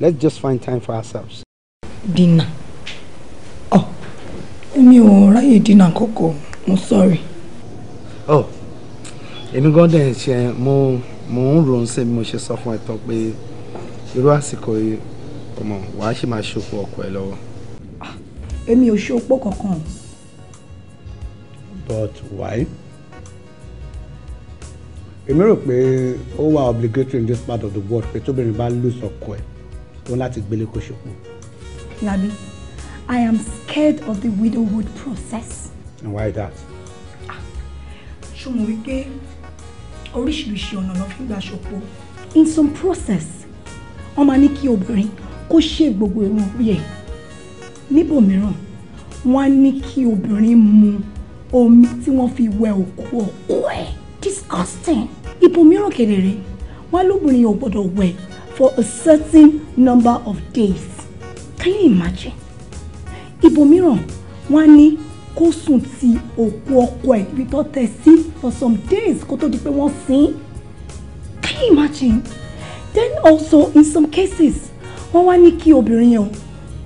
let's just find time for ourselves. dinner ọ oh, èmi ò ráyè dinner kọ́kọ́ mo sorry. oh èmi gan dẹ̀ ṣe mo mo ń ronú sí mo ṣe sọ fún ẹ tán pé irú àsìkò yìí ọmọ wàá sì máa ṣopó ọkọ ẹ lọ́wọ́. èmi ò ṣopó kankan. but why? èmi rò pé ó wà obligatory in this part of the world pé tóbìnrin bá lose ọkọ ẹ wọn láti gbélé kó ṣopó. Labi, I am scared of the widowhood process. And why that? Ah, ṣùgbọ́n wípé oríṣiríṣi ọ̀nà ló fi gbà ṣopó. In some process wọ́n máa ní kí obìnrin kó ṣe gbogbo irun orí ẹ̀ níbòmíràn wọ́n á ní kí obìnrin mu omi tí wọ́n fi wẹ òkú ọkọ ẹ̀ disgusting ibòmíràn kedere wọ́n á lóbìnrin ò gbọ́dọ̀ wẹ̀ for a certain number of days can you imagine ibòmíràn wọ́n á ní kó sùn ti òkú ọkọ ẹ̀ ibi tó tẹ̀ sí for some days kó tó di pé wọ́n sin can you imagine then also in some cases wọ́n wá ní kí obìnrin yẹn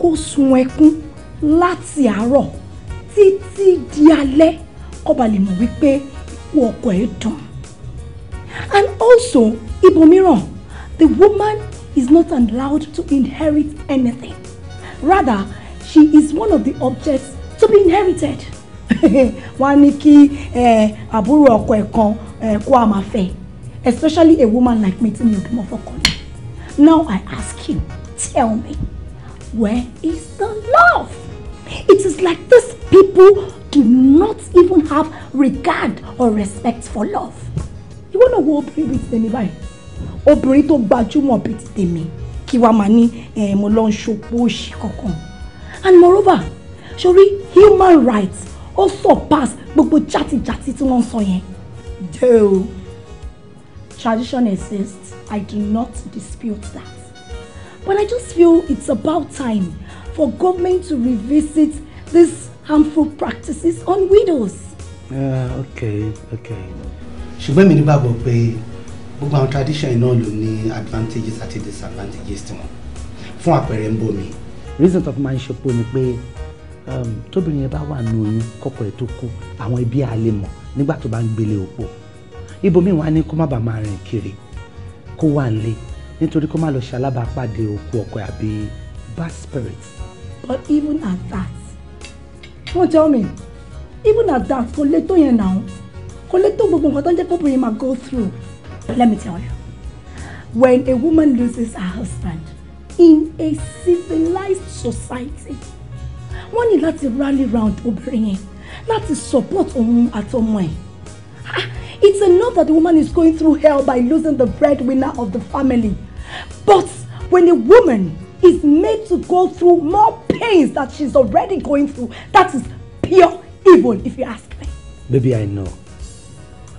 kó sun ẹkún láti àárọ̀ títí di alẹ́ kó ba lè mọ̀ wípé ikú ọkọ ẹ̀ dùn and also ibòmíràn the woman is not allowed to inherit anything rather she is one of the objects to be inherited wọ́n á ní kí eh, àbúrò ọkọ ẹ̀ kan eh, kó a máa fẹ́ ẹ especially a woman like me tí mi now I ask you tell me where is the love it is like these people do not even have regard or respect for love You náà wo obìnrin bíi ti tèmi báyìí obìnrin tó gbajúmọ̀ bíi ti tèmi kí wàá máa ní eh, mo lọ ń ṣopó òṣì kankan and moreover sori human rights ó pass gbogbo játijàti tí wọ́n ń sọ yẹn jẹ́ o. Tradition exists. I do not dispute that. But I just feel it's about time for government to revisit these harmful practices on widows. Uh, okay, okay. ṣùgbọ́n mi ní gbàgbọ́ pé gbogbo àwọn tradition náà ló ní advantages àti disadvantages tiwọn fún àpẹẹrẹ ń bomi. reason of fi máa ni pé um, tóbìnrin yẹn bá wà ní oyún kọ́kọ́ ẹ̀ tó kú àwọn ẹbí á lè nígbà tó bá ń gbélé òpó ibòmíì wà ní kó má bàa máa rìn kiri kó wà lé nítorí kó má lọ ṣe alábàápàdé òkú ọkọ àbí bad spirit. but even at that wọ́n tell me even at that kò lè tó yẹn náà kò lè tó gbogbo nǹkan tó ń jẹ́ kóbìnrin máa go through let me tell you when a woman loses her husband in a civilized society wọ́n ní láti rally round obìnrin yẹn láti support òun àtọmọ ẹ̀ ah, It's enough that the woman is going through hell by losing the breadwinner of the family. But when a woman is made to go through more pains that she's already going through, that is pure evil, if you ask me. Baby, I know.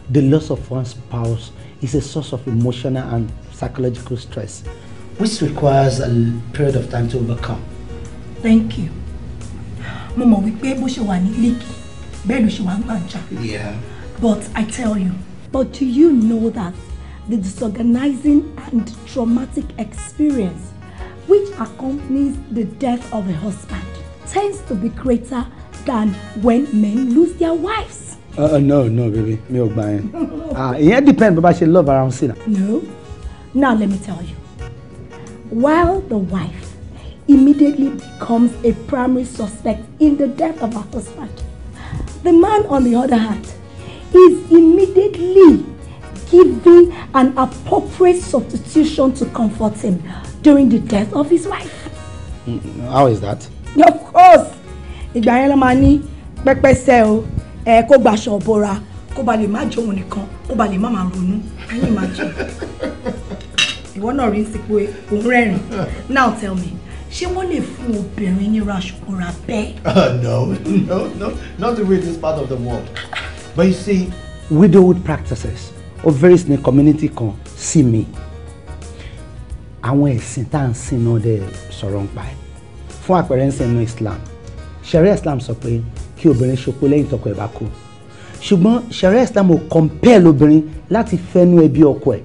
The loss of one's spouse is a source of emotional and psychological stress, which requires a period of time to overcome. Thank you. Mama. We pay bó ṣe wà ní lékì bẹ́ẹ̀ ló ṣe wà Yeah. But I tell you. But do you know that the disorganizing and traumatic experience which accompanies the death of a husband tends to be greater than when men lose their wives? Uh, uh, no, no, baby. me ò gbà yẹn. Ah, ìyẹn depend bó bá ṣe love around sí No. Now let me tell you. While the wife immediately becomes a primary suspect in the death of her husband, the man on the other hand is immediately giving an appropriate substitution to comfort him during the death of his wife. Mm-hmm. How is that? Of course. Ìgbà yẹn ló máa ní pẹ́pẹ́sẹ́ o, ẹ kó gbaṣọ bora, kó ba lè má jóun nìkan, kó ba lè má máa ronú, ayé máa jẹ. Ìwọ náà rí sí pé òun rẹ́rìn. Now tell me, ṣé wọ́n lè fún obìnrin ní irú aṣọ bora bẹ́ẹ̀? No, no, no, not the way this part of the world. But you see, widowhood practices of various ní community can see me, Àwọn ẹ̀sìn tá à ń sìn náà dẹ̀ sọ̀rọ̀ ń pa ẹ̀. Fún àpẹẹrẹ ń sìn inú Islam. Sharia Islam sọ pé kí obìnrin ṣopó lẹ́yìn tọkọ ẹ̀ bá kú. Ṣùgbọ́n Sharia Islam ò compel obìnrin láti fẹ́nu ẹbí ọkọ ẹ̀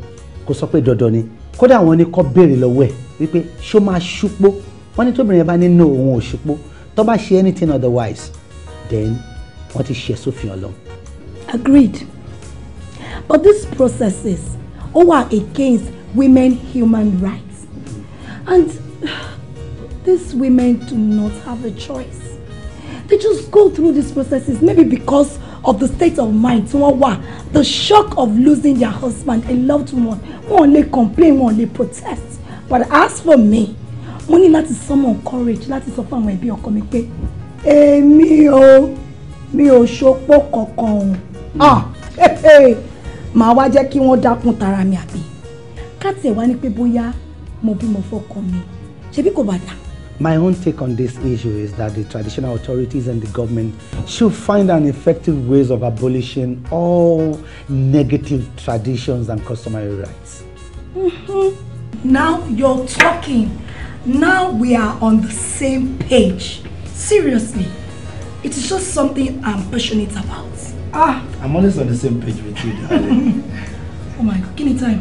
kó sọ pé dandan ni. Kódà wọ́n ní kó béèrè lọ́wọ́ ẹ̀ wípé ṣó máa ṣúpó wọ́n ní tóbìnrin yẹn bá nínú òun ò ṣúpó tó bá ṣe anything otherwise then wọ́n ti ṣẹ̀ sófin Ọlọ́run Agreed. But these processes all are against women human rights. And these women do not have a choice. They just go through these processes maybe because of the state of mind tí wọ́n the shock of losing their husband a loved one wọn only complain wọn only protest but as for me mo ní láti summon courage láti sọ fún àwọn ẹbí ọkọ mi pé èmi o mi ò ṣopó kankan o Ah, hmm. màá wá jẹ́ kí wọ́n dákun tara mi àbí ká tiẹ̀ wá ní pé bóyá mo bímọ fọ́kọ mi ṣebí kò bàdà. My own take on this issue is that the traditional authorities and the government should find an effective ways of abolishing all negative traditions and customary rights. Mm-hmm. Now you're talking. Now we are on the same page. Seriously, it is just something I'm passionate about. Ah! I'm always on the same page with you, darling. oh my god, give me time.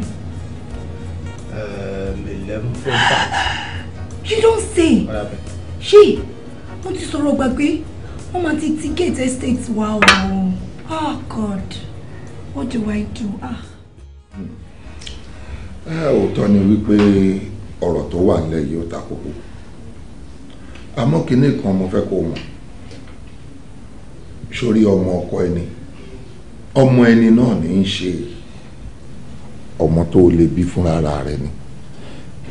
Um, 11 You don't say. What happened? She, mo ti sọ̀rọ̀ gbàgbé, wọ́n máa ti ti gate estate Oh God, what do I do? Ah. Hmm. Eh, òótọ́ ni wípé ọ̀rọ̀ tó wà nílẹ̀ yìí ó ta kókó. Àmọ́ kinní kan mo fẹ́ kó mọ̀. Sórí ọmọ ọkọ ẹni. ọmọ ẹni náà ní í ṣe ọmọ tó lè bí fúnra rẹ ni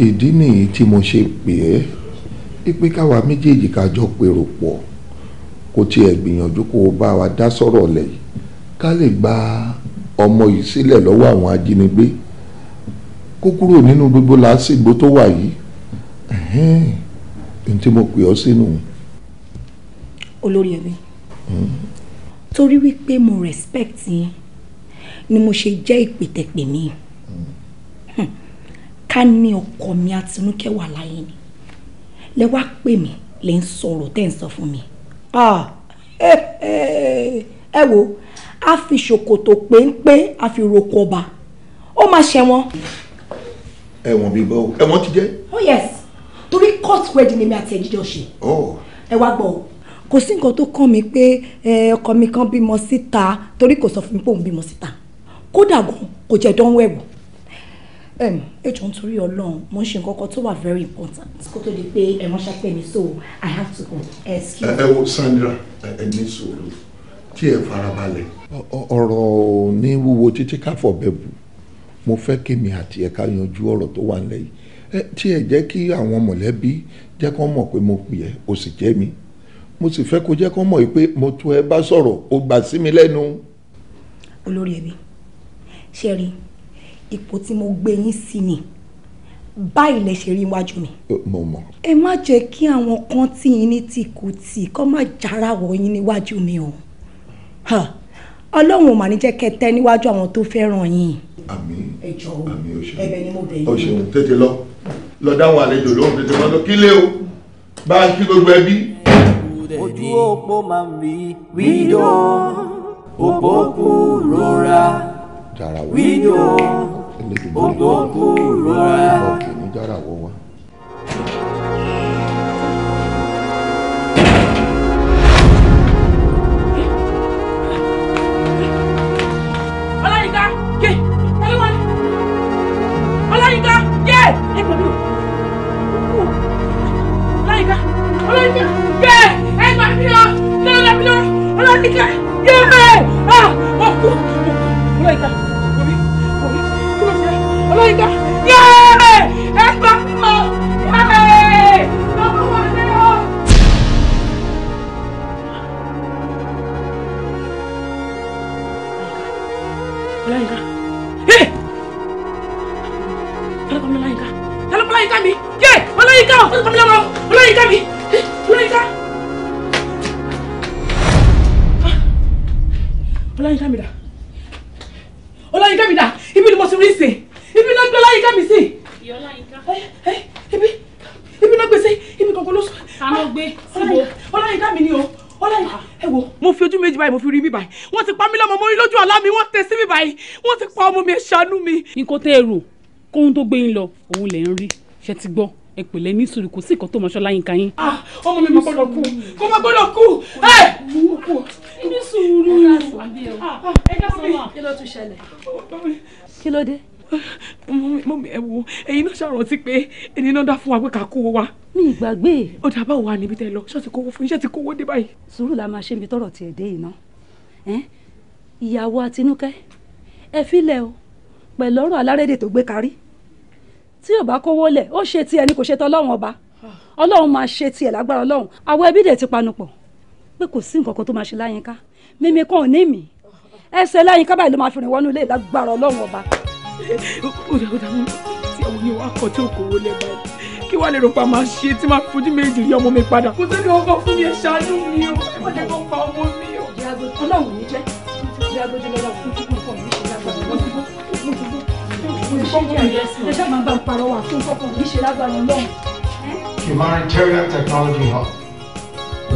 ìdí nìyí tí mo ṣe pè é pípé káwa méjèèjì ká jọ pèrò pọ̀ kò tiẹ̀ gbìyànjú kó o bá wa dá sọ̀rọ̀ lẹ̀ ká lè gba ọmọ yìí sílẹ̀ lọ́wọ́ àwọn ajínigbé kó kúrò nínú gbogbo làásìgbò tó wà yìí ẹ̀hẹ́n tí mo pè ọ́ sínú. olórí ẹbí. Hmm. torí wípé mo respect yín ni mo ṣe jẹ́ ìpètẹ̀pẹ̀ mi hmm. ká ní ọkọ mi àtinúkẹ́ wà láyé ni lẹ wá pè mí lẹ ń sọ̀rọ̀ tẹ́ ń sọ fún mi ah, eh, eh. ẹ wo a fi ṣòkòtò péńpé a fi roko ọba ó máa ṣẹ̀wọ̀n. ẹ̀wọ̀n bíi bọ́ọ̀ ẹ̀wọ̀n ti jẹ́. oh yes torí court wedding ni mi àti ẹ̀jíjọ́ ṣe oh. ẹ wá gbọ́ o kò sí nǹkan tó kàn mí pé ọkọ mi kan bímọ síta torí kò sọ fún mi pé òun bímọ síta kódà gan kò jẹ́ dánwó ẹ̀wọ̀ ẹjọ́ nítorí ọlọ́run mo ń ṣe nǹkan kan tó wà very important kó tó di pé ẹ̀ránṣẹ́ pè mí so i have to go excuse me. ẹ wo Sandra ẹ ní sùúrù tí ẹ farabalẹ̀. ọ̀rọ̀ ò ní wúwo títí ká fọ̀bẹ bù mo fẹ́ kémi àti ẹ̀ka yanjú ọ̀rọ̀ tó wà nílẹ̀ yìí tí ẹ jẹ́ kí àwọn mọ̀lẹ́bí jẹ́ kó mọ̀ pé mo pè ẹ́ o sì jẹ́ mi mo sì fẹ́ kó jẹ́ kó mọ̀ pé mo tún ẹ bá sọ̀rọ̀ o gbà sí mi lẹ́nu. olórí ẹbí ṣe rí ipò tí mo gbé yín sí ni báyìí lè ṣe rí iwájú mi. mo mọ. ẹ má jẹ́ kí àwọn kan tí yín ní tì kú tì kọ́ má jára wọ̀ yín níwájú mi o ọlọ́run ò mà ní jẹ́ kẹ́ tẹ́ níwájú àwọn tó fẹ́ràn yín. àmín àmín o ṣeun ẹ̀bẹ̀ ni mo bẹ̀ yín. o ṣeun tètè lọ lọ dáhùn àlejò lóhùn tètè lọ kí o bá a kí gbogbo ẹbí dẹ̀ ni. ojú òpó máa ń rí wíńdò òpó kú rọra wíńdò òpó kú rọra. ọkè ní jára wọ wá. Olha aqui! Yémé! Yémé! Ah! Ọkú! Ọlọ́yìnká! Bobi! Bobi! Kí ló ṣe? Ọlọ́yìnká! Yémé! Ẹ gbà mí o! Yémé! Lọ́kọ̀ wọlé o! Ọlọ́yìnká! Yé! Tọ́lá kọ́ mi lọ́yìnká! Tọ́lá kọ́ mi lọ́yìnká mi! Yé! Ọlọ́yìnká! Tọ́lá kọ́ mi lọ́wọ́! Ọlọ́yìnká mi! ọláyínká mi dà ọláyínká mi dà ibi ni mo ti rí sè ibi náà gbé ọláyínká mi sí. ìyá ọláyínká. ẹ ẹ ibi ibi náà gbé sí ibi kankan ló sọ. kàná ah, gbé síbo. ọláyínká mi ni o ọláyínká ah. ẹ wo. mo fi ojú méjì báyìí mo fi rí mi báyìí wọ́n ti pa mí lọ́mọ mo rí lójú àlá mi wọ́n tẹ sí mi báyìí wọ́n ti pa ọmọ mi ẹ ṣàánú mi. nǹkan tẹ́ ẹ rò kóhun tó gbé yín lọ òun lẹ̀ ń rí ṣe ti gbọ́ ẹ pẹ̀lẹ́ ní sùúrù kò sí nǹkan tó mọ Ṣọlá Yínká yín. Ah, ọmọ mi mo gbọ́dọ̀ kú kó má gbọ́dọ̀ kú ẹ eh! ní sùúrù ẹ ká sọ wà ah, ah, kí ló tún ṣẹlẹ̀ kí ló dé. mo mi ẹ wo ẹ̀yin náà ṣàrántí pé ẹni náà dá fún wa pé ká kó wa. mi ìgbàgbé. ó dà báwo wà níbi tẹ lọ ṣọ́ọ̀tì kówó fún iṣẹ́ ti kówó dé báyìí. sùúrù la máa ṣe ibi tọrọ tiẹ̀ dé yìí ná ìyàwó Àtinúkẹ́ ẹ fílẹ̀ o pẹ̀lú ọ̀rọ̀ alárédè tó gbé karí tí ò bá kówó lẹ̀ ó ṣe tiẹ̀ ni kò ṣe tọ́lọ́run ọba ọlọ́run máa ṣe tiẹ̀ lágbára ọlọ́run àwọn ẹbí dẹ̀ ti panupọ̀ pé kò sí nǹkan kan tó máa ṣe láyínká mímí kan ò ní mí ẹsẹ̀ láyínká báyìí ló máa fi rìn wọnú ilé lágbára ọlọ́run ọba. kí wàá lè rò pa máa ṣe tí máa fojú méjì rí ọmọ mi padà. kò sẹ́ni ọkọ fún mi ẹ̀ ṣàánú mi o ẹ̀ má kó pa ọmọ mi o. ìyá àgbẹ̀ ọlọ́run ní jẹ́ ìyá àgbẹ̀ ọlọ́run Humanitarian Technology Hub,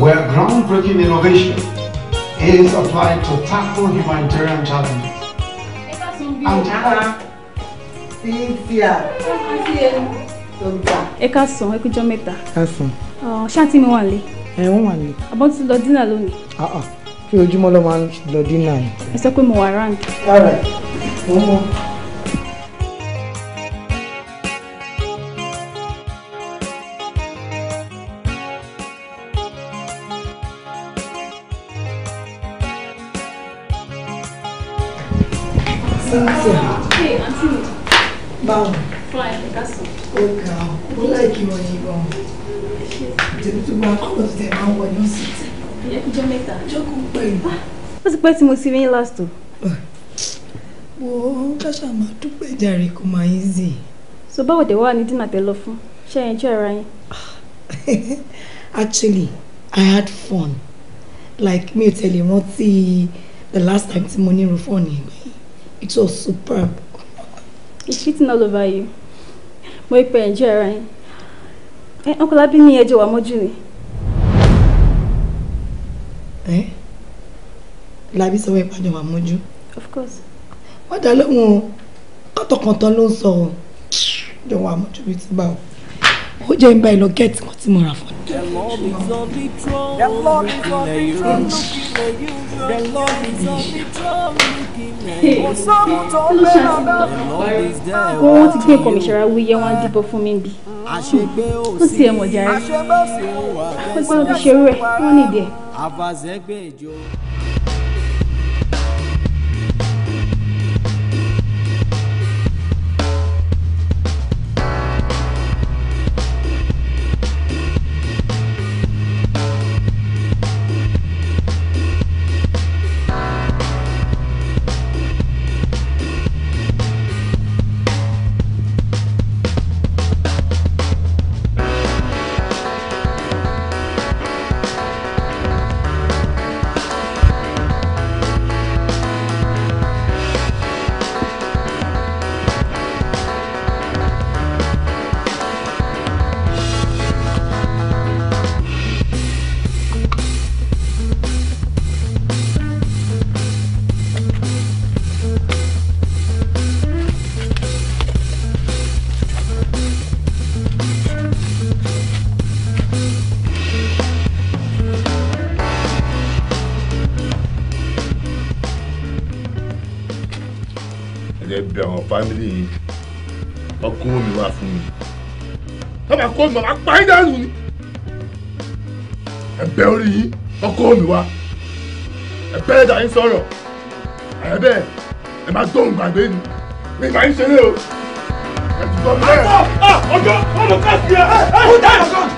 where groundbreaking innovation is applied to tackle humanitarian challenges. Ẹ káàsán, ẹ kújọ́ mẹ́ta. Káàsán. Ṣáàtì mi wà nílé. Ẹ wọ́n wà nílé. Àbọ̀ ti lọ dínà lónìí. Kí ojúmọ́ ló máa ń lọ dínà yìí. Ẹ sọ pé mo wà ráǹdì. Rárá, mo mọ̀. Cynthia. Hey, Auntie. mi. Báwo? Fúnra ẹ̀ ká sùn. Ó ga ọ́, ó láìkí wọ yìí gan. Tèmi tó gba kọ́lọ̀ tó tẹ̀ máa ń wọ ní ọ̀sẹ̀. Ìyẹn kìí jẹ́ mẹ́ta. Jókòó ń pè mí. Ó ti pẹ́ tí mo ti rí yín last o. Ah. Wo Káṣá máa dúpẹ́ jàre kó máa So báwo dẹ̀ wá ní dínà tẹ lọ fún? Ṣé ẹ jẹ́ ara Actually, I had fun. Like mi ò tẹ̀lé rántí the last time tí mo ní It was superb. It's written all over you. My ipe enjoy ara yín. Eh, Uncle I've been ẹjọ́ wa mọ́jú Eh? Labi sọ wípé àjọ wa mọ́jú. Of course. Wọ́n dá lóhùn o. Kọ́tọ̀kọ̀tọ̀ ló ń sọ o. Àjọ wa mọ́jú bíi ti bá o. Ó jẹ́ ń bá ẹ lọ gẹ́ẹ̀tì kan tí mo fún The Lord is on the throne. The Lord is on the throne. The Lord is on the throne. Owó ti gbé kọ̀mìṣẹ́ra wúyẹ́ wọn dìbò fún mi bí. Hmm. Ó sì ẹ̀wọ̀n jàre. Ó gbọ́dọ̀ fi ṣerú ẹ̀, wọ́n nìdí ẹ̀. Family, yìí wọ́n kó mi wá fún mi bàbá kó mi bàbá pa ẹ́ dànù ni ẹ̀bẹ̀ orí yìí wọ́n kó mi wá ẹ̀bẹ̀ ẹ̀dá yín sọ̀rọ̀ ẹ̀bẹ̀ ẹ̀ máa tó òǹgbàgbé ni mi máa ń ṣeré o ẹ̀ ti gbọ́ mi bẹ́ẹ̀. ọjọ́ ọmọ káàkiri ẹ̀ ẹ̀ kú dáyọ̀ kan.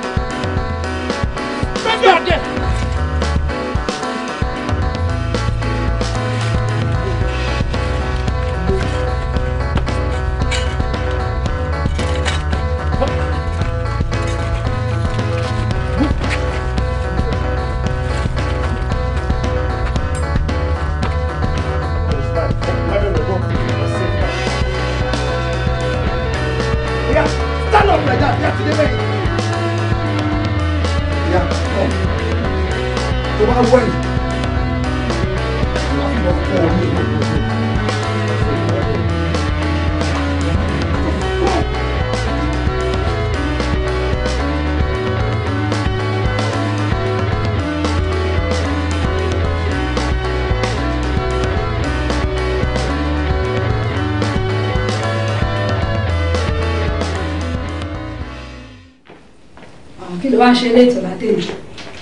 wá ṣe ilé ìtọ́lá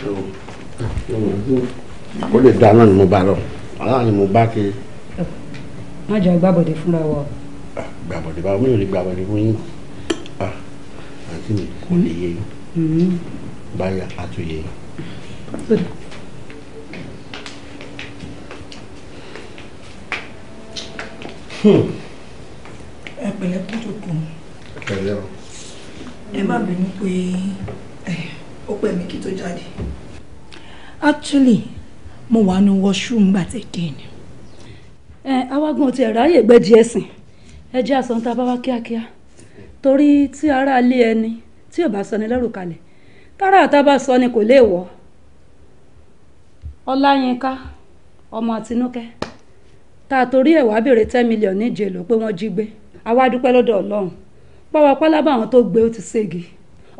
o ó lè dáná ni mo bá lọ aláà ni mo bá kiri. má jọ gbàbọ̀dé fúnra wa. Ah, gbàbọ̀dé báwo mi ò lè gbàbọ̀dé fún yín ah, àǹtí mi kò lè yé yín mm-hmm. báyà á tún yé yín. Hmm. actually mo wà nù washroom gbà tẹ̀ dé ni. ẹ awágùn ti ẹ̀rọ ayè gbẹ́dì ẹ̀sìn ẹ jẹ́ àsọ̀n tá a bá wá kíákíá torí tí ara lé ẹni tí ò bá sọ ni lẹ́rù kalẹ̀ tára àtà bá sọ ni kò lè wọ̀ ọláyínká ọmọ àtinúkẹ́ tá a torí ẹ̀ wá béèrè ten million níje lò pé wọ́n jí gbé àwa dúpẹ́ lọ́dọ̀ ọlọ́run pàwọ́ pálábà àwọn tó gbé ó ti ségi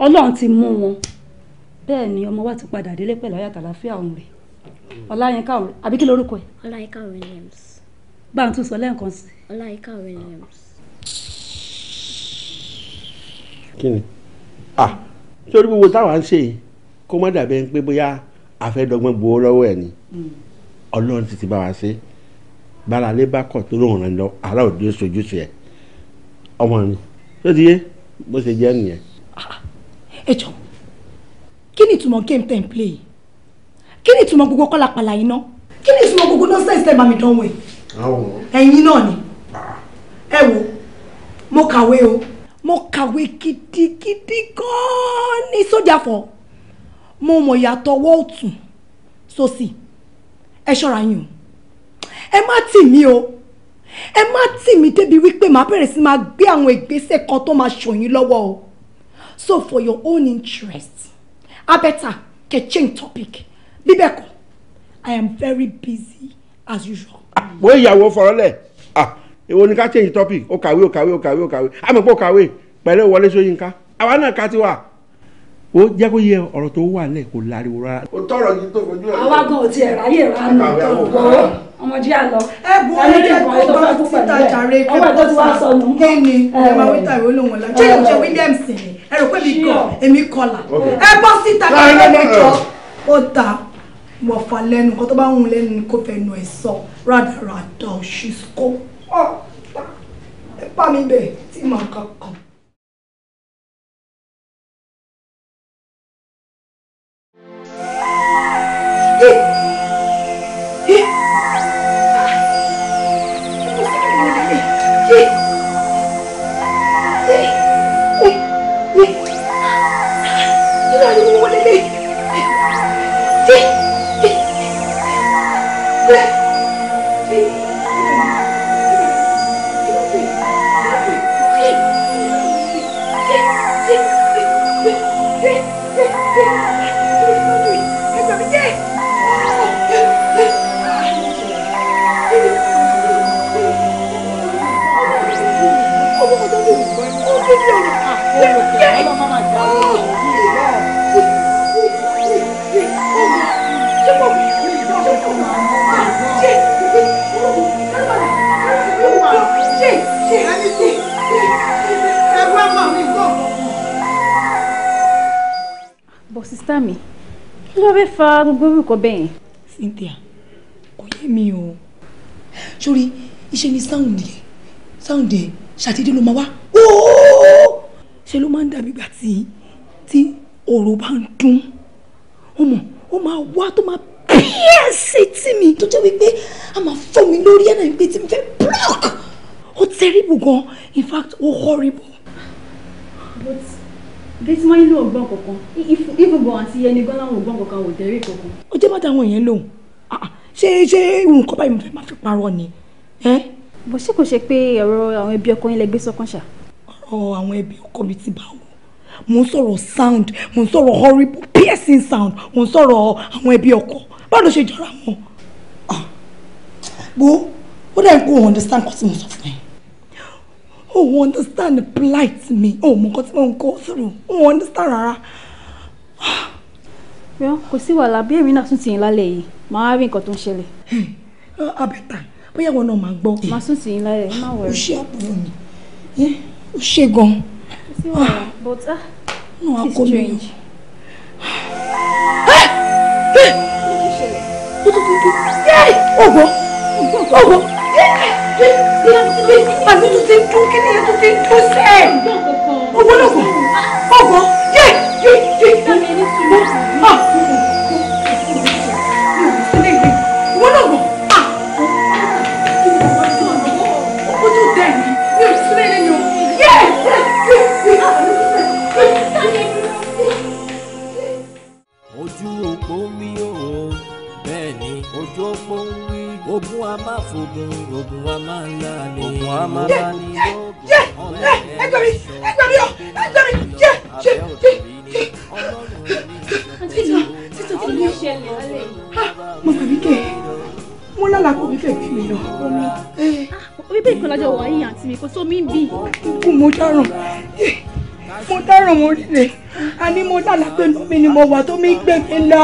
ọlọ́run ti mú wọn bẹ́ẹ̀ ni ọmọ wa ti padà délé pẹ̀lú ayé àtàlàfíà ọ̀hún rẹ̀ ọláyínká ọ̀hún àbí kí lorúkọ ẹ̀. ọláyínká williams. bá a tún sọ lẹ́ẹ̀kan sí. ọláyínká williams. kí ni ah sórí gbogbo táwa ń ṣe yìí kó má dàbẹ́ ń pé bóyá àfẹ́dọ́gbọ́n gbowó lọ́wọ́ ẹ̀ ni hmm. ọlọ́run ti ti bá wa ṣe bára lé bá kọ̀ tó lóun rẹ̀ lọ ará òde sojúṣe ẹ̀ ọmọ mi tó ti yé bó ṣe jẹ́ nìyẹn. ẹ jọ̀ọ́ kí ni ìtumọ̀ game ten play kí ni ìtumọ̀ gbogbo kọ́lápàlà yìí náà kí ni ìtumọ̀ gbogbo nonsense tẹ́ bá mi dánwò ẹ̀ ẹ̀yin náà ni ah. ẹ wo mo kàwé o mo kàwé gidigidi gan-an ní sójà fọ mo mọ̀ ìyàtọ̀ ọwọ́ ọ̀tún sósì ẹ ṣọ́ra yín o ẹ má tì mí o ẹ má tì mí débi wípé màá bẹ̀rẹ̀ sí máa gbé àwọn ìgbésẹ̀ kan tó máa ṣòyìn lọ́wọ́ o so for your own interest abẹ́ta kẹ́ change topic Bibeko, i am very busy as usual. Where you àpò ìyàwó Ah, you only ká change topic ó kàwé ó kàwé ó kàwé ó kàwé àmọ́ pé ó kàwé pẹ̀lú Wọlé I want to ká you. wà ó jẹ́ kó yẹ ọ̀rọ̀ tó wà lẹ̀ kó láriwo rárá. o tọrọ yìí tó fojú ẹ. àwa gan ò tiẹ̀ ráyè ránù tó o ọmọdé àlọ. ẹ bu ọmọdé kan tó bá fún pẹ̀lú ẹ ọmọ ẹ̀kọ́ tí wàá sọnù. kí ni ẹ máa wí tàbí olóhùn ọ̀la ṣé ìjẹ Williams ni ẹ rò pé mi kọ èmi kọlà ẹ bọ́ síta kí ẹ lè jọ ó ta wọ̀fà lẹ́nu kan tó bá ń lẹ́nu kó fẹnu ẹ̀ sọ rádaràdà òṣìṣkó ẹ bá mi bẹ̀ tí màá kankan. Yeah. mi kí ló fẹ́ fa gbogbo orúkọ bẹ́ẹ̀ Cynthia kò yé mi o sórí iṣẹ́ ni sound yẹn sound yẹn ṣàdédé ló máa wá ṣe ló máa ń dàbí ìgbà tí tí ọ̀rọ̀ bá ń dún ọmọ ó máa wá tó máa píẹ́sì tí mi tó jẹ́ wípé a máa fọ́ mi lórí ẹ̀ náà wípé tí mi fẹ́ block ó terrible gan in fact ó horrible gẹ́tí mọ́ni ló ń gbọ́n kankan ìfúngbọ̀n àti ẹni gan láwọn ò gbọ́n kankan ò tẹ̀rí kankan. ó jẹ́ mọ́tà àwọn èèyàn lòun ah, ah. ṣé ṣé nǹkan báyìí mo fẹ́ máa fi parọ́ ni. bó ṣe kò ṣe pé ọ̀rọ̀ àwọn ẹbí ọkọ yín lẹ gbé sọ́kàn ṣá. ọ̀rọ̀ àwọn ẹbí ọkọ mi ti bá wò mo ń sọ̀rọ̀ sound mo ń sọ̀rọ̀ horrible piercing sound mo ń sọ̀rọ̀ àwọn ẹbí ọkọ báwo ló ṣe jọra wọn. bó ah. ó dà ń kó understand kó tí mo sọ fún ẹ o oh, understand the plight mi o mọ nǹkan tí mo ń kó through o oh, understand rárá. yọ kò sí wàhálà bí èmi náà tún ti yín lálẹ́ yìí màá rí nǹkan tó ń ṣẹlẹ̀. abẹ́ta bóyá ìwọ náà máa gbọ́. màá tún ti yín lálẹ́ má wọ̀rọ̀. o ṣe àbúrò mi o ṣe gan-an. kò sí wàhálà but ah no, this is strange. ó tún tún tún. ọgbọ́n ọgbọ́n àmì tó ti ń dún kí ni ètò ti ń dún sẹ́ owó lọ́gbọ̀n ọgbọ̀n yé yé yé. Ah, a máa fògùn ògùn a máa ń la ni ògùn a máa la ni lóògùn ọ̀lẹ́ ẹgbẹ́ mi ẹgbẹ́ mi ọ ẹgbẹ́ mi jẹ jẹ jẹ. títà títà kí ló ṣẹlẹ̀ lálẹ́ yìí. mo kàn wíkẹ́ mo lálàá kó wíkẹ́ bí mi lọ. omi wípé ìkọlájọ wà yìí àǹtí mi kò sómi ń bì. kúkú mo dáràn mo dáràn mo rí rè àní mo lálàá pé lómi ni mo wà tó mi gbẹ̀mí la.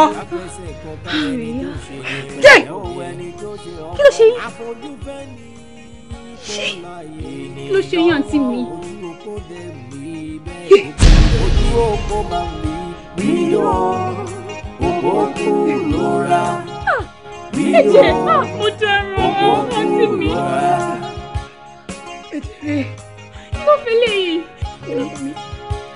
jẹ́ kí ló ṣe yín kí ló ṣe yín àǹtí mi. ojú oko máa mi mi o òkò kú lóra mi o òkò kú lóra. kí ló fẹ́ lè yìí kí ló fẹ́ mi.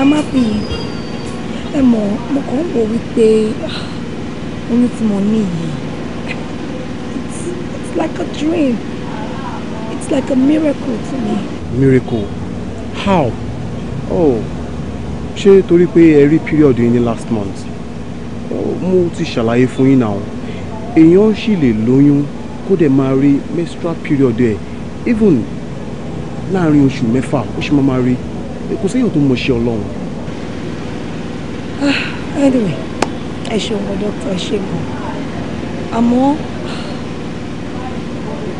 I'm happy ẹ mọ̀ mo kàn ń wò wípé ah, oyún tí mo ní yìí it's it's like a dream it's like a miracle to me. miracle how oh ṣé torí pé ẹ rí period yín ní last month Oh, mo ti ṣàlàyé fún yín náà èèyàn sì lè lóyún kó dẹ̀ máa rí menstrual period ẹ̀ even láàrin oṣù mẹ́fà ó ṣe máa máa rí kò séyàn tó mọ̀ ṣe ọlọ́run. Ah, anyway ẹ ṣe ọmọ dókítà ẹ ṣe gan àmọ́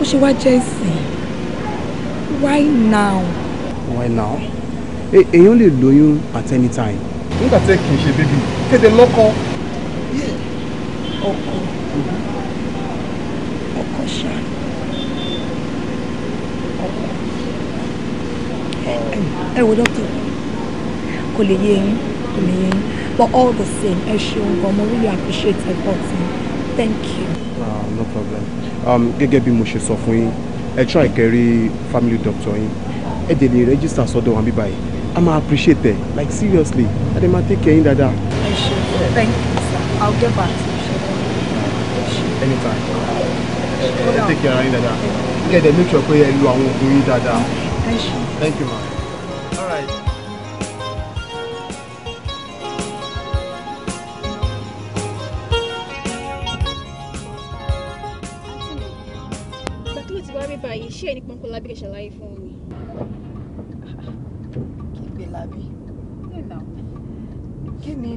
ó ṣe wá jẹ́ ìsìn why now. why now e, èèyàn lè lóyún at any time. nígbà tí ẹ kì í ṣe bébì kéde lọ́kọ. ọkọ ọkọ ṣá ọkọ ẹ wò lọ kò lè yé yín kò lè yé yín but all the same ẹ ṣeun gan mo really appreciate effort yín thank you. Uh, no problem um, gẹ́gẹ́ bí mo ṣe sọ fún yín ẹ try kẹrí family doctor yín ẹ dẹ̀ lè register sọ́dọ̀ wọn bíbá yìí a máa appreciate ẹ like seriously I dẹ̀ máa take care in dáadáa. ẹ ṣe thank you sir i'll get back to you. anytime ẹ take care in yín dáadáa kẹ́ ẹ dẹ̀ make sure pé ẹ lu àwọn oògùn yín dáadáa. thank you ma.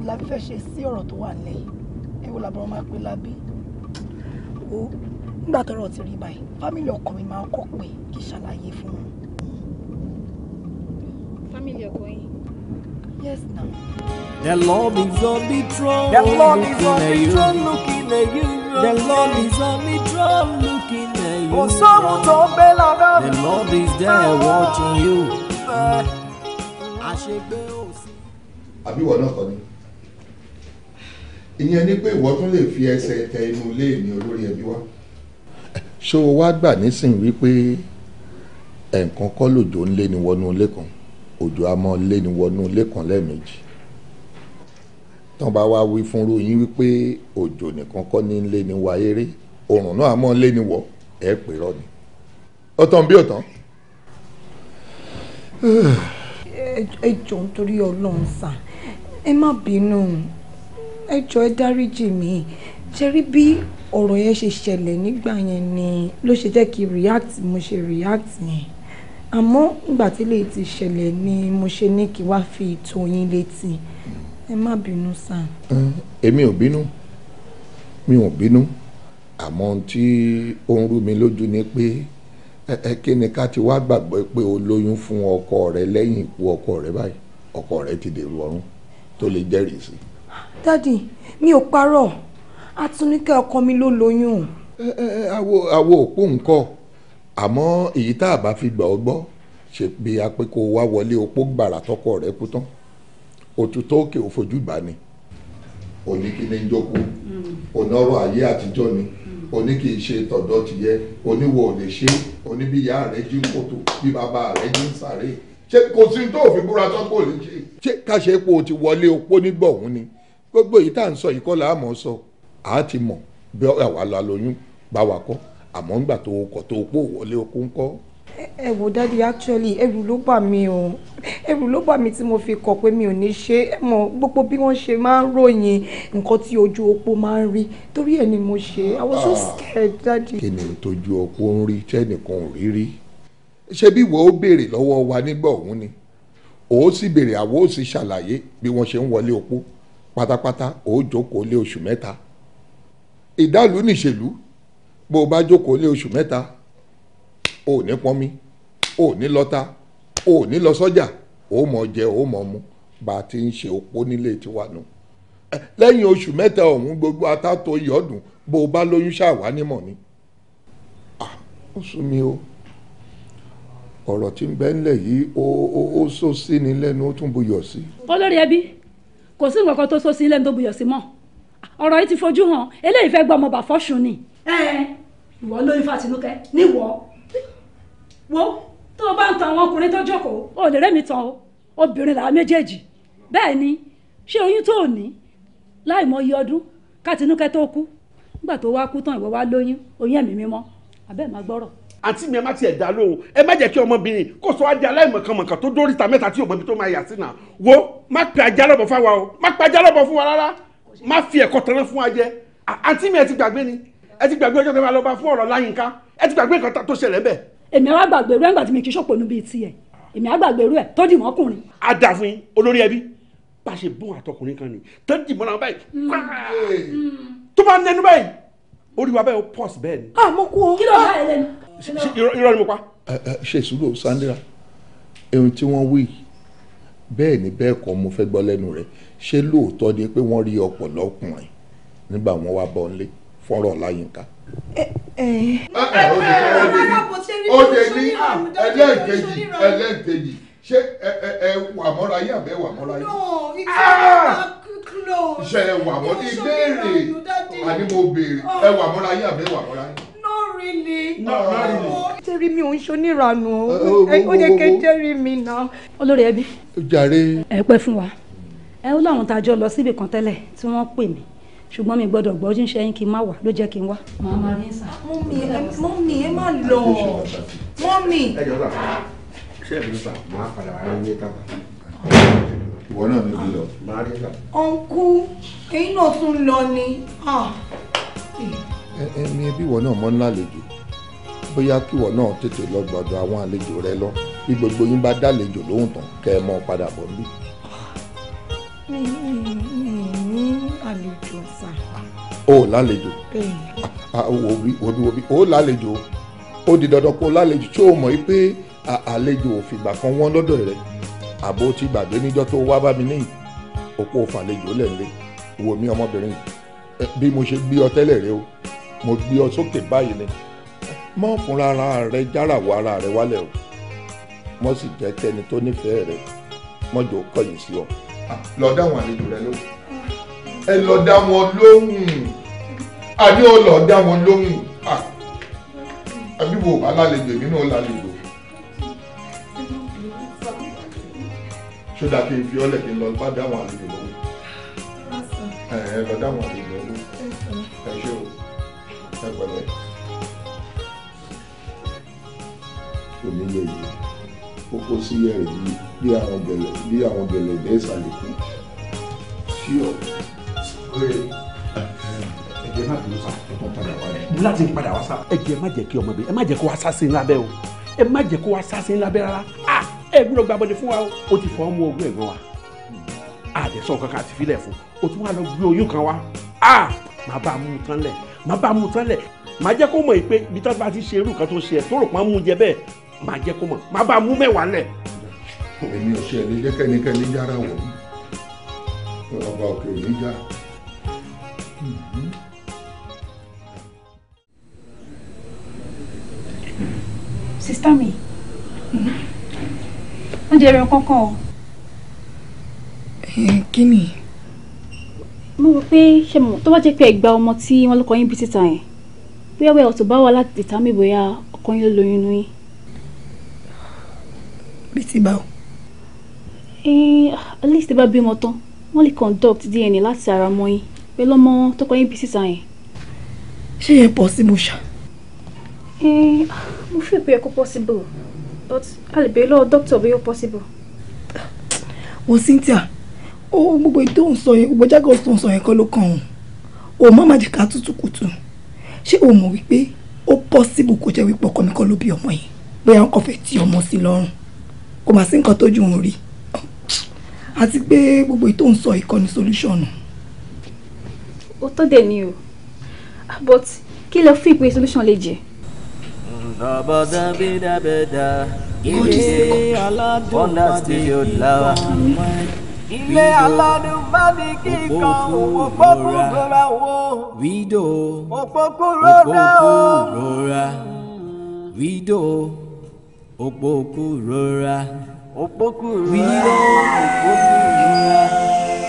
Labi fẹ́ ṣe sí ọ̀rọ̀ tó wà nílẹ̀ ẹ wo làbọ̀rọ̀ máa pe Labi o nígbà tọ́rọ̀ ti rí báyìí fámìlì ọkọ mi máa kọ́ pé kí ṣàlàyé fún wọn. fámìlì ọkọ yín. yes na. The Lord is on the throne. looking at you. The Lord is on the throne looking at you. kò sóhun tó ń bẹ lábẹ́ mi. The Lord is there watching you. àṣegbé òsì. àbí ìwọ náà kọ́ ni ìyẹn ni pé ìwọ tún lè fi ẹsẹ̀ tẹ inú ilé mi olórí ẹbí wa. ṣó o wá gbà nísìnyí wípé ẹ̀ǹkan kọ́ lòjò ń lé ni wọnú ilé kan òjò a máa lé ni wọnú ilé kan lẹ́ẹ̀mejì tán bá wá wí fúnrú yín wípé òjò nìkan kọ́ ní lé ni wá eré òrùn náà a máa lé ni wọ̀ ẹ̀ pè rọ ni ó tán bí ó tán. ẹ jọ̀ọ́ nítorí ọlọ́run sà ẹ má bínú ẹ jọ̀ọ́ ẹ dáríjì mi ṣe rí bí ọ̀rọ̀ yẹn ṣe ṣẹlẹ̀ nígbà yẹn ni ló ṣe jẹ́ kí react mo ṣe react yẹn àmọ́ ìgbà tí lè ti ṣẹlẹ̀ ni mo ṣe ní kí wá fi tó yín létí ẹ má bínú sá. èmi ò bínú mi ò bínú àmọ́ tí ó ń rú mi lójú ni pé ẹ kí ni ká ti wá gbàgbọ́ pé o lóyún fún ọkọ rẹ lẹ́yìn ikú ọkọ rẹ báyìí ọkọ rẹ ti dèrò ọ̀run tó lè jẹ́rìí sí i dádì mi ò parọ́ Àtúnkẹ́ ọkọ mi ló lóyún. awo, awo òpó nǹkan àmọ́ èyí tá a bá fi gbà ọ́ gbọ́ ṣe pé a pé kó o wá wọlé opó gbàrà tọkọ rẹ kú tán òtútọ́ òkè òfojú gbà ni òní kí ni ń jókòó hmm. òní ọ̀rọ̀ ayé àtijọ́ ni hmm. òní kì í ṣe tọ̀dọ̀ ti yẹ oníwọ ò lè ṣe òní bí ìyá rẹ jí ń kòtò bí bàbá rẹ jí ń sáré ṣé kò sí tó òfin búra tọ́kọ̀ lè ṣe. ṣé ká ṣe ti wọlé opó nígbọ̀hún ni gbogbo èyí tá à ń sọ yìí kọ́ là á mọ̀ sọ à á ti mọ̀ bí àwa la lóyún bá wa kọ́ àmọ́ ńgbà tó o kọ̀ tó o pò wọlé o kó ń kọ́. ẹ wò dáàdi actually ẹrù ló bà mí o ẹrù ló bà mí tí mo fi kọ̀ pé mi ò ní ṣe é mọ̀ gbogbo bí wọ́n ṣe máa ń ròyìn nǹkan tí ojú opó máa ń rí torí ẹ̀ ni mo ṣe I was so ah. scared dáàdi. kí ni ìtọ́jú opó ń rí tẹ́nìkan ò rí rí ṣé bí wo ó béèrè lọ́wọ́ wa nígbà òun ni òun sì béèrè àwo ó sì ṣàlàyé bí wọ́n ṣe ń wọlé opó pátápátá ó jókòó lé oṣù mẹ́ta ìdálù nìṣèlú bó o bá jókòó lé oṣù mẹ́ta o ò ní pọnmi o ò ní lọ́ta o ò ní lọ sọ́jà o ò mọ̀ jẹ o ò mọ̀ mu bá a ti ń ṣe opó nílé tiwa nù lẹ́yìn oṣù mẹ́ta ọ̀hún gbogbo atátó yọ̀dùn bó o bá lóyún ṣàwá nímọ̀ ni. ó sún mi o ọ̀rọ̀ tí ń bẹ ńlẹ̀ yìí ó ó ó sọ sí ni lẹ́nu ó tún buyọ̀ sí. olórí ẹbí kò sí nǹkan kan tó so sí ilé tó buyọ̀ sí mọ́ ọ̀rọ̀ yìí ti fojú hàn eléyìí fẹ́ gba ọmọ bàfọ́ sùn ni. ẹ ẹ ìwọ lóyún ní níwọ wo tó o bá ń tan àwọn ọkùnrin tó jókòó o lè rẹ́mi tan o obìnrin làwọn méjèèjì bẹ́ẹ̀ ni ṣé oyún tó ní láì mọ iye ọdún Kàtinúkẹ́ tó kú nígbà tó wá kú tán ìwọ wá lóyún oyún ẹ̀mí mímọ́ àbẹ́ẹ̀ má gbọ́rọ̀ àǹtí mi ẹ má tiẹ̀ dá lóhùn ẹ má jẹ́ kí ọmọbìnrin kó sọ adé aláìmọ̀kànmọ̀kàn tó dórí ta mẹ́ta tí òmòbi tó máa yà sí náà wo má pe ajá lọ́bọ̀ fún wa o má pe ajá lọ́bọ̀ fún wa rárá má fi ẹ̀kọ́ tẹ̀lé fún wa jẹ àǹtí mi ẹ ti gbàgbé ni ẹ ti gbàgbé ọjọ́ kẹfà lọ́ba fún ọ̀rọ̀ láyínká ẹ ti gbàgbé nǹkan tó ṣẹlẹ̀ bẹ́ẹ̀. èmi á gbàgbé irú ẹ̀ ńgbà tí mi kì í ṣòpò níbi tiẹ̀ èmi á gbàgbé irú ẹ̀ tó dì mọ́kùnrin. a dà fún yín olórí ẹbí bá a ṣe bóun àtọkùnrin kan ni tó dì mọ́ra báyìí hmm. Hmm. tó bá nẹnu báyìí orí wa bẹ́ẹ̀ o pọ́s bẹ́ẹ̀ ni. a mo kú o. kí ló dá ẹ lẹ́nu. irọ́ ni mo pa. ṣe ìṣúlò sandra ohun tí wọ́n wí bẹ́ẹ̀ ni bẹ́ẹ̀ kọ́ mo fẹ́ gbọ́ lẹ́nu rẹ̀ ṣé lóòótọ́ ni pé wọ́n rí ọ̀pọ̀lọ́ ọkùnrin nígbà wọn wá bọ́ nílé fọ́rọ̀ láyínká. ẹ ẹ ẹ ó lè ní ẹlẹ́ẹ̀kejì ẹlẹ́ẹ̀kejì ṣé ẹ ẹ ẹ wà mọ́ra yín àbẹ́ wà mọ́ra yín. no it's not close. ṣe wà mọ́ ní ìbéèrè àní mo béèrè ah. ẹ wà mọ́ra yín àbẹ́ wà mọ́ra yín. no really. no oh. really. jẹ́rí mi ò ń ṣonírànù eh, eh, o ó yẹ kí jẹ́rí mi náà. olórí ẹbí. jàre. ẹ pẹ́ fún wa ẹ ó láwọn tá a jọ lọ síbì kan tẹ́lẹ̀ tí wọ́n pè mí ṣùgbọ́n mi gbọ́dọ̀ gbọ́ ojú ń ṣe yín kí n má wà ló jẹ́ kí n wá. màmá rí ẹ má lọ mọ́mì. ẹ jọ sà ṣé ẹ bí sà máa padà wá ní ẹ tábà ìwọ náà níbi lọ. ọ̀nkú ẹ̀yin náà tún lọ ni. Ah. ẹni ẹbí ìwọ náà mọ́ ní àlejò bóyá kíwọ náà tètè lọ gbọ́dọ̀ àwọn àlejò rẹ lọ bí gbogbo yín bá dálejò lóhùn tán kẹ́ ẹ mọ́ padà bọ̀ níbí. mi ní àlejò sà. o ò lálejò wòbí wòbí o ò lálejò ó di dandan kó lálejò tí o mọ̀ pé àlejò ò fìgbà kan wọ́n lọ́dọ̀ rẹ̀ àbó tí gbàgbé níjọ́ tó wá bá mi ní òpó fàlejò lẹ́ńlẹ́ wo mi ọmọbìnrin bí mo ṣe gbé ọ tẹ́lẹ̀ rẹ o mo gbé ọ sókè báyìí ni mọ́ fúnra ara rẹ járàwọ̀ ara rẹ wálẹ̀ o mọ́ sì jẹ́ kẹ́ni tó nífẹ̀ẹ́ rẹ mọ́jọ kọ̀yìn sí ọ. lọ dá àwọn àlejò rẹ lóhùn ẹ lọ dá wọn lóhùn àní ó lọ dá wọn lóhùn àbí wo bá lálejò èmi náà lálejò. ṣó dáa kí n fi ọ́lẹ̀ kí n lọ bá dáwọn àlejò lọ́wọ́ ẹ ẹ lọ dáwọn àlejò lọ́wọ́ ẹ ṣé o ẹ pẹ̀lẹ́ òní lè yí ó kó sí ẹ̀rẹ̀ yìí bí àwọn gẹ̀lẹ̀ bí àwọn gẹ̀lẹ̀ dẹ́ ìsàlẹ̀ kù sí é ẹ̀jẹ̀ má bínú sá ẹ̀kọ́ padà wá rẹ̀. mo láti padà wá sá. ẹ jẹ́ ẹ má jẹ́ kí ọmọ bẹ ẹ má jẹ́ kó wá sá sí ńlá bẹ́ o ẹ má jẹ́ kó wá sá sí ńlá bẹ́ rárá. Ah! ẹ̀gbọ́n lọ gbàbọ̀dé fún wa o ó ti fọ́ ọmọ ogún ẹ̀gbọ́n wa àdẹ̀sọ̀ kankan àti filẹ̀ fún o tún wà lọ gbé oyún kan wa a má bá a mú tán lẹ̀ má bá a mú tán lẹ̀ má jẹ́ kó mọ̀ pé ibi tó bá ti ṣe irú kan tó ṣe ẹ̀ tó rò pọ́n mú jẹ bẹ́ẹ̀ má jẹ́ kó mọ̀ má bá a mú mẹ́wàá lẹ̀. èmi ò ṣe ẹ̀ lè yára wọ̀ ọba òkè ò já. sista mi. Mm-hmm ń dẹrẹ kankan o. ẹ kí ni. mo rò pé ṣe mo tó bá jẹ́ pé ẹgbà ọmọ tí wọ́n lọ́kọ yín bí síta yẹn bóyá bóyá ọ̀tọ̀ bá wà láti dìtà mí bóyá ọkọ yín ló lóyún nú yín. bí ti bá o. ẹ at least tẹ́ bá bímọ tán wọ́n lè conduct DNA láti ara ọmọ yín pẹ̀lú ọmọ tọkọ yín bí síta yẹn. ṣé yẹn possible ṣá. mo fi ìpè ẹ̀kọ́ possible but a lè béèrè lọ́wọ́ dókítà bí ó possible. wo Cynthia o gbogbo tó ń sọ yẹn gbogbo jágọ̀ tó ń sọ yẹn kọ́ ló kàn ọ́n o má má jìkà tútù kùtù ṣé o mọ̀ wípé ó possible kó jẹ́ wípé ọkọ mi kọ́ ló bí ọmọ yẹn bóyá ọkọ fẹ́ ti ọmọ sí lọ́rùn kò má sí nǹkan tójú òun rí àti pé gbogbo ètò ń sọ ìkọ́ni solution. ó tọ́ dẹ̀ ni o but kí lẹ fún ìpín solution lè jẹ́ Ọ̀bọ̀dọ̀ bídàbẹ̀dà ilé aládùnmáde kíkan ilé aládùnmáde kíkan òpópórora wo wídò òpópórora o wídò òpópórora òpópórora wídò òpópórora.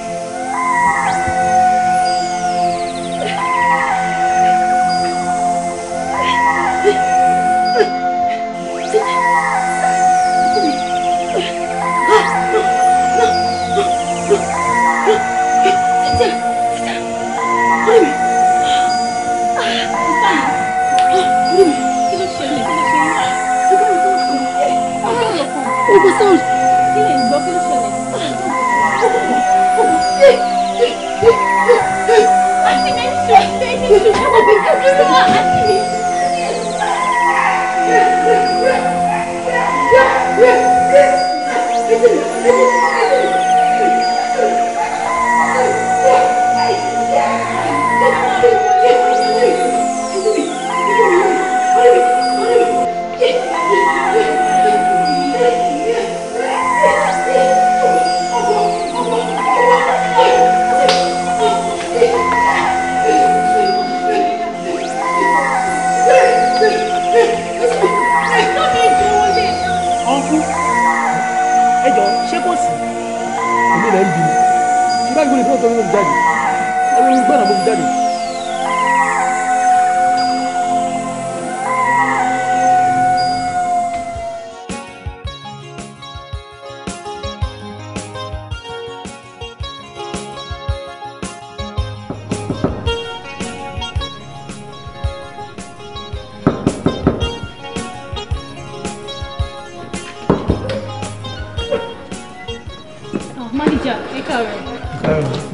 everything is good.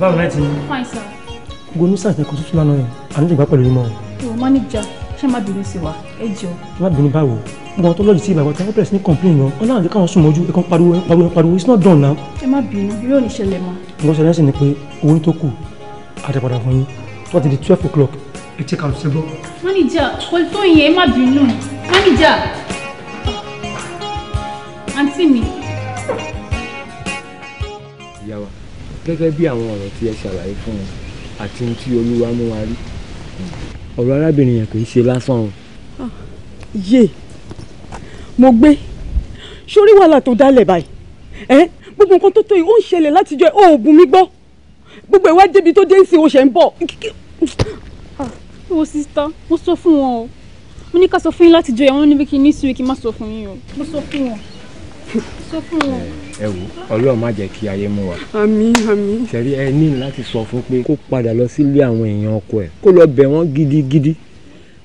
báwo náà ti ní. fine sir. gbogbo ní sáà tẹkọ tútù lánàá yẹn àníjì gbá pẹ̀lú yín o manager ṣé má bínú sí wa ẹ jọ. má bínú báwo gbọ́n tó lọ́ọ̀dì sí ìbàgbọ́ tí wọ́n bẹ̀rẹ̀ sí ní complain náà ọlọ́run àti káwọn sùn mọ́jú ẹ̀kan pariwo pariwo pariwo it's not done now. ẹ má bínú yóò ní ṣẹlẹ̀ mọ́. nǹkan ṣẹlẹ̀ sì ni pé owó tó kù àtẹ̀padà fún yín tó ti di twelve o'clock ẹ check out ṣe gbọ́. manager kò tó yẹn ẹ má bínú manager àǹtí mi. gẹ́gẹ́ bí àwọn ọ̀rọ̀ tí ẹ ṣàlàyé fún wọn àti tí olúwa mú wa rí ọ̀rọ̀ arábìnrin yẹn kì í ṣe lásán o. Ah, yé mo gbé sórí wàhálà tó dálẹ̀ báyìí ẹ gbogbo nǹkan tó tó yìí ó ń ṣẹlẹ̀ látijọ́ ó ò bùn mí gbọ́ gbogbo ìwà débi tó dé ń sin oṣù ẹ̀ ń bọ̀. wo ah, sista mo sọ fún wọn o mo ní ká sọ fún yín látijọ́ yẹn wọn níbi kí n ní sùúrù kí n má sọ fún yín o mo sọ fún wọn sọ fún wọn. ẹ wo ọlọ́run má jẹ́ kí ayé mú wa. àmín àmín. sẹ́rí ẹ ní láti sọ fún pé kó padà lọ sílé àwọn èèyàn ọkọ ẹ̀ kó lọ bẹ̀ wọ́n gidigidi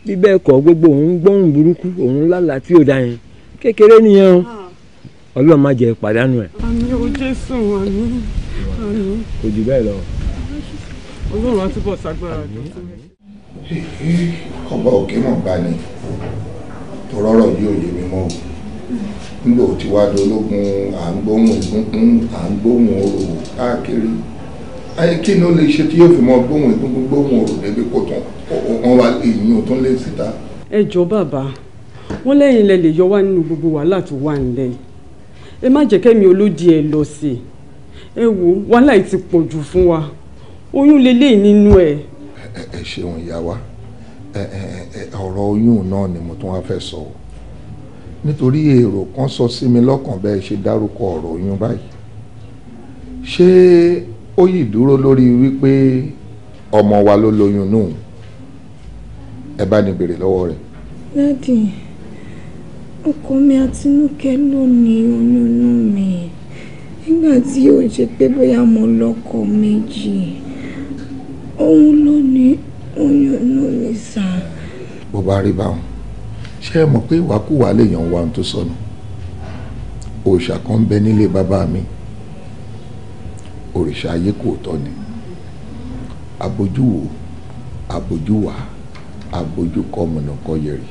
bí bẹ́ẹ̀ kọ́ gbogbo òun gbọ́hùn burúkú òun lálàá tí ò dá yẹn kékeré nìyẹn o ah. ọlọ́run má jẹ́ pàdánù ẹ̀. àmín o jésù àmín àmín. kò jù bẹ́ẹ̀ lọ. ọlọ́run á túbọ̀ ṣagbára jù. ọba òkè mọ̀ gbani tó rọ́rọ̀ yóò yé mi mọ́ o nígbà tí wàá dológun à ń gbóhùn egungun à ń gbóhùn orò káàkiri ayé kí ni ó lè ṣe tí yóò fi mọ gbóhùn egungun gbóhùn orò débi kó tán wọn wá èyí ò tún lé síta. ẹ jọ bàbá wọn lẹ́yìn lẹ lè yọ wá nínú gbogbo wàhálà tó wà nílẹ̀ yìí ẹ má jẹ́ kẹ́mi olódi ẹ lọ sí i ẹ wo wàhálà yìí ti pọ̀ jù fún wa oyún leléyìí nínú ẹ. ẹ ṣeun ìyá wa ọ̀rọ̀ oyún náà ni mo tún wá fẹ́ sọ o nítorí èrò kan sọ sí mi lọ́kàn bẹ́ẹ̀ ṣe dárúkọ ọ̀rọ̀ oyún báyìí ṣé ó yìí dúró lórí wípé ọmọ wa ló lóyún nù ẹ bá ní béèrè lọ́wọ́ rẹ̀. dádì ọkọ mi àtinúkẹ́ ló ní oyún inú mi nígbà tí ó ṣe pé bóyá mo lọ́kọ méjì òun ló ní oyún inú mi sá. bó bá rí báwọn ṣé ẹ mọ̀ pé ìwàkúwà lèèyàn wa tó sọnù òòṣà kan bẹ nílé bàbá mi òrìṣà ayé kò tọ́ ni abojúwò abojúwà abojúkọ mọ̀nàkọ yẹrì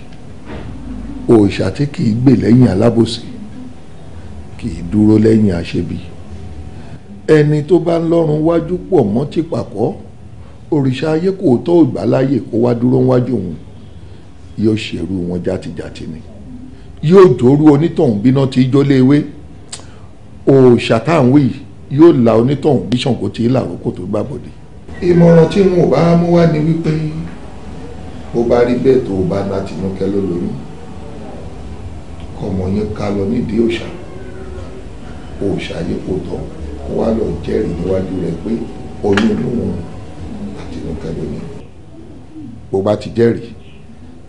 òòṣà tí kì í gbè lẹ́yìn alábòsí kì í dúró lẹ́yìn aṣebi ẹni tó bá ń lọ́rùn wájú pọ̀ mọ́ tìpàkọ́ òrìṣà ayé kò tọ́ ògbà kó wá dúró wájú òun yóò ṣerú wọn játijàti ni yóò dòrú onítọ̀hún bíná tí jólé ewé òòṣà táwọn yìí yóò la onítọ̀hún bí ṣàǹkó tí làrókò tó gbà bọ̀dé. ìmọ̀ràn tí wọn ò bá mú wá ni wípé bó bá rí bẹ́ẹ̀ tó o bá na tinúkẹ́ ló lóyún kọmọ yẹn ká lọ nídìí òòṣà òòṣà yìí kò tọ́ kó wá lọ jẹ́rìí níwájú rẹ̀ pé oyún lòun àtinúkẹ́ ló bó bá ti jẹ́rìí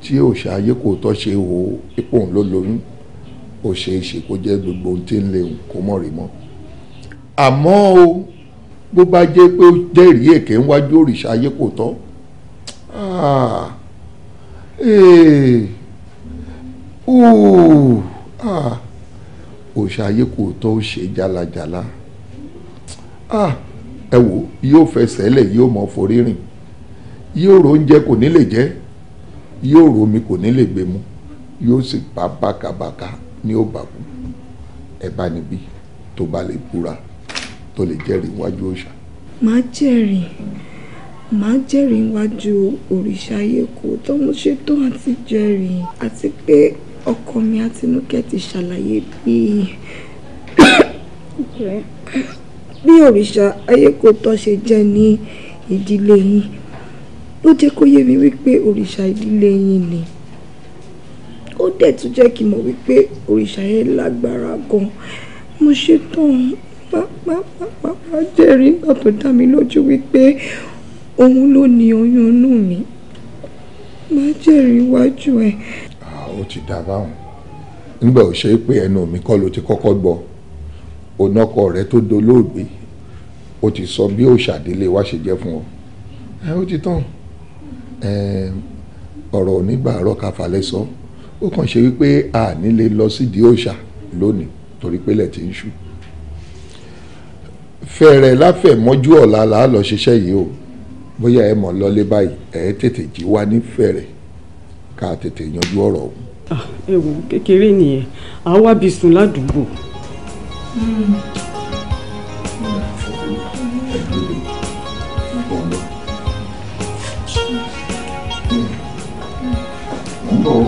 tí òṣà ayé kò tọ́ ṣe o ipò òun ló lóyún ó ṣe é ṣe kó jẹ́ gbogbo ohun tí ń lè hùn kó mọ̀ rí mọ́ àmọ́ o bó bá jẹ́ pé ó jẹ́rìí èké ń wájú òrìṣà ayé kò tọ́ ah, eh, ah, òrìṣà ayé kò tọ́ ó ṣe jálajàla ah, ẹ wò yóò fẹsẹ̀ lẹ̀ yóò mọ̀ forí rìn yóò róúnjẹ kò ní lè jẹ́ yóò romi kò ní lè gbé mu yóò sì bá bákabàká ní òbàkú ẹ bá níbí tó bá lè búra tó lè jẹ́rìí iwájú òòṣà. màá jẹ́rìí màá jẹ́rìí iwájú òrìṣà ayéko tó mo ṣetán àti jẹ́rìí àti pé ọkọ mi àtinúkẹ́ ti ṣàlàyé bí bí òrìṣà ayéko tó ṣe jẹ́ ní ìdílé yín ló jẹ́ kó yé mi wípé òrìṣà ìdílé yín ni ó dẹ̀ tún jẹ́ kí n mọ̀ wípé òrìṣà yẹn lágbára gan mo ṣetán pápápápá jẹ́rìí nígbà tó dá mi lójú wípé òun ló ní oyún inú mi má jẹ́rìí iwájú ẹ̀. ó ti dà báwọn nígbà ò ṣe é pé ẹnu mi kọ́ ló ti kọ́kọ́ gbọ́ onọkọ rẹ tó dolóògbé ó ti sọ bí òṣàdélé wá ṣe jẹ́ fún ọ ẹ ó ti tán ọ̀rọ̀ onígbàárọ̀ káfalẹ̀ sọ ó kàn ṣe wípé a nílé lọ sídìí òòṣà lónìí torí pé lẹ̀ ti ń ṣú fẹ̀rẹ̀ láfẹ̀mọ́jú ọ̀la là á lọ ṣiṣẹ́ yìí o bóyá ẹ mọ̀ lọ́lé báyìí ẹ tètè jí wá ní fẹ̀rẹ̀ ká tètè yanjú ọ̀rọ̀ ọ̀hún. ẹ ah, wo kékeré nìyẹn àá wá sùn ládùúgbò. Mm. ń bọ̀.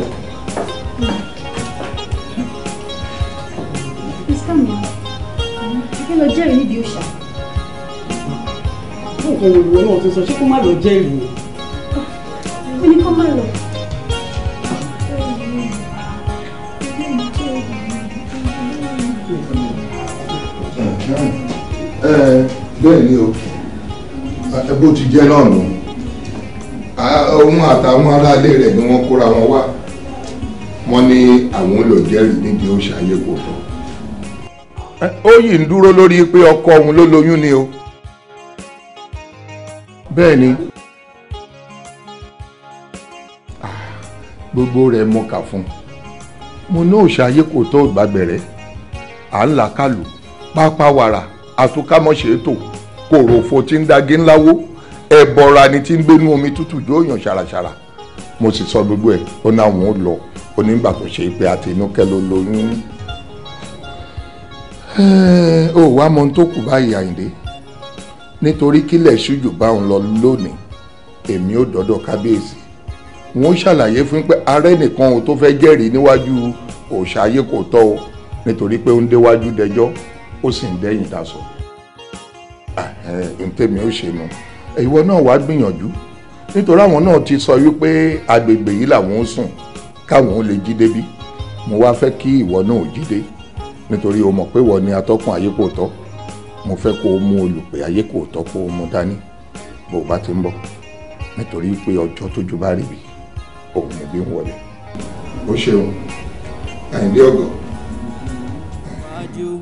Mr. Mi, ẹ fẹ́ lọ jẹ́rìí níbi òòṣà. Bọ́ọ̀kọ̀ wo ìwọ náà ti sọ, ṣé kó má lọ jẹ́rìí? Ó ní kó má lọ. Bẹ́ẹ̀ ni o, bó ti jẹ́ náà nù òun àtàwọn aráalé rẹ̀ ni wọ́n kóra wọn wá wọ́n ní àwọn olùjẹ́rìí nídìí ó ṣàyè kò tán. ó yìí ń dúró lórí pé ọkọ òun ló lóyún ni o bẹ́ẹ̀ ni gbogbo rẹ̀ mo kà fún mo ní òṣàyè kò tó gbàgbẹ̀rẹ̀ à ń là kálù pápá wàrà àtúkámọ̀ṣe tó kòròfo tí ń dagé ńláwó ẹ̀bọ̀ra ni tí ń gbénú omi tútù yóò yàn ṣàràṣàrà mo sì sọ gbogbo ẹ̀ ó ní àwọn ò lọ ó ní ìgbà tó ṣe pé àti inú kẹ́ ló lóyún ó wá mọ ohun tó kù báyìí àyìndé nítorí kílẹ̀ ṣújù bá òun lọ lónìí èmi ò dọ́dọ̀ kábíyèsí wọ́n ṣàlàyé fún pé ààrẹ nìkan ò tó fẹ́ jẹ́rìí níwájú òòṣà ayé kò tọ́ o nítorí pé ó ń déwájú dẹjọ́ ó sì ń dẹ́yìn dasọ ntẹ́mi ó ṣe nu ìwọ náà wàá gbìyànjú nítorí àwọn náà ti sọ wípé agbègbè yìí làwọn ń sùn káwọn ó lè jí débi mo wá fẹ́ kí ìwọ náà ò jí dé nítorí o mọ̀ pé ìwọ ni atọ́kùn ayé kò tọ́ mo fẹ́ kó o mú olùpè ayé kò tọ́ kó o mú dání bó o bá ti ń bọ̀ nítorí pé ọjọ́ tójú bá rí bi òun ni bí ń wọlé. ó ṣeun àìndé ọgọ́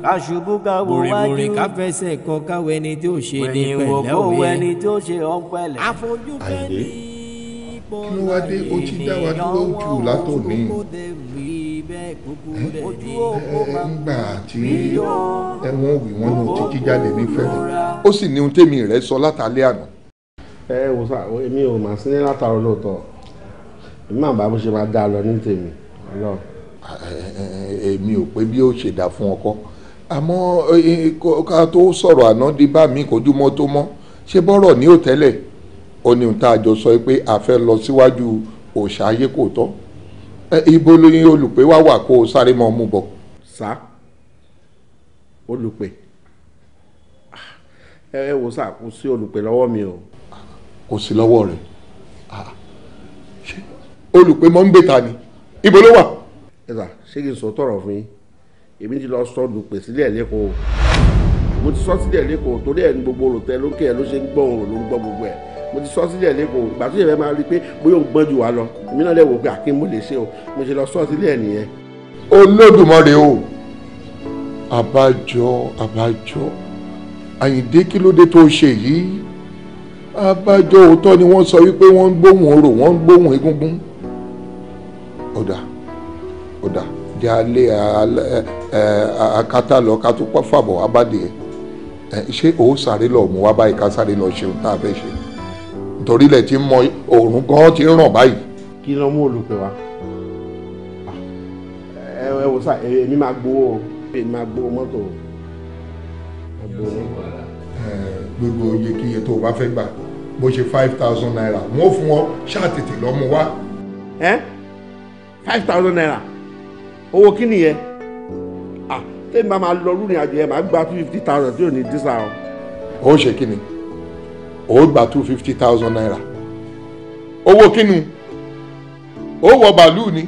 aṣubúga wo wájú káfẹsẹ̀ kọ káwé ni tí ó ṣe ní pẹ̀lẹ́ òwò ẹni tí ṣe ọ̀pẹ̀lẹ̀. àyè kí ló wá dé o ti dá wa dúró jù látòní ngbà tí ẹ̀wọ̀n òwì wọn ní o ti jí jáde nífẹ̀ẹ́ ó sì ní ohun tèmi rẹ̀ sọ látàlẹ́ àná. ẹ wò sá èmi ò mà sí ní látàrọ lóòótọ́ èmi máa bá bó ṣe máa dá a lọ ní tèmi Ọlọ́run èmi ò pé bí ó ṣe dà fún ọkọ àmọ́ ká tó sọ̀rọ̀ àná di bá mi kojú mọ́ tó mọ́ ṣé bọ́rọ̀ ní òtẹ́lẹ̀ ó ní ohun tá a jọ sọ pé a fẹ́ lọ síwájú òòṣà ayé kò tọ́ ibo lóyún olùpè wá wà kó o sáré mọ́ mú bọ̀. sá olùpè ah, ẹ ẹ wò sá kò sí olùpè lọ́wọ́ mi o. kò sí lọ́wọ́ rẹ̀ ah, olùpè mọ́ ń gbé ta ni ibo ló wà. ẹ ṣé kí n sọ tọrọ fún yín èmi ti lọ sọ dùpè sílẹ̀ lẹ́kọ̀ọ́ mo ti sọ sílẹ̀ lẹ́kọ̀ọ́ torí ẹ̀ ní gbogbo òròtẹ́ lókè ẹ̀ ló ṣe ń gbọ́ òrò ló ń gbọ́ gbogbo ẹ̀ mo ti sọ sílẹ̀ lẹ́kọ̀ọ́ ìgbà tó yẹ fẹ́ máa rí i pé bóyá ó gbọ́n jù wá lọ èmi náà lè wò pé àkín mo lè ṣe o mo ṣe lọ sọ sílẹ̀ nìyẹn. Olódùmarè o àbájọ àbájọ Àyìndé kí ló dé tó ṣe yìí àbájọ òótọ́ ni wọ́n sọ wípé wọ́n ń gbóhùn orò wọ́n ń gbóhùn egúngún ọ̀dà ọ̀dà jẹ́ alẹ́ akátá lọ ká tó fàbọ̀ wá bàdé ẹ̀ ṣé o sáré lọ mú wá báyìí ká sáré lọ ṣeun tá a fẹ́ ṣe nítorí ilẹ̀ ti ń mọ òòrùn gan ti ń ràn báyìí. kí ló mú olùpẹ̀ wá ah, ẹ ẹ wò sá èmi máa gbowó èmi máa gbowó mọ́tò gbogbo iyekíye tó o bá fẹ́ gbà bó ṣe five thousand naira wọ́n fún ọ ṣáà tètè lọ́mú wá. ẹ five thousand naira owó kí nìyẹn à tẹ́mi bá máa lọ lórí àjò yẹn máa gba two fifty thousand tí ò ní dísà o. ó ṣe kí ni ó gba two fifty thousand naira owó kí ni ó wọ bàálù ni.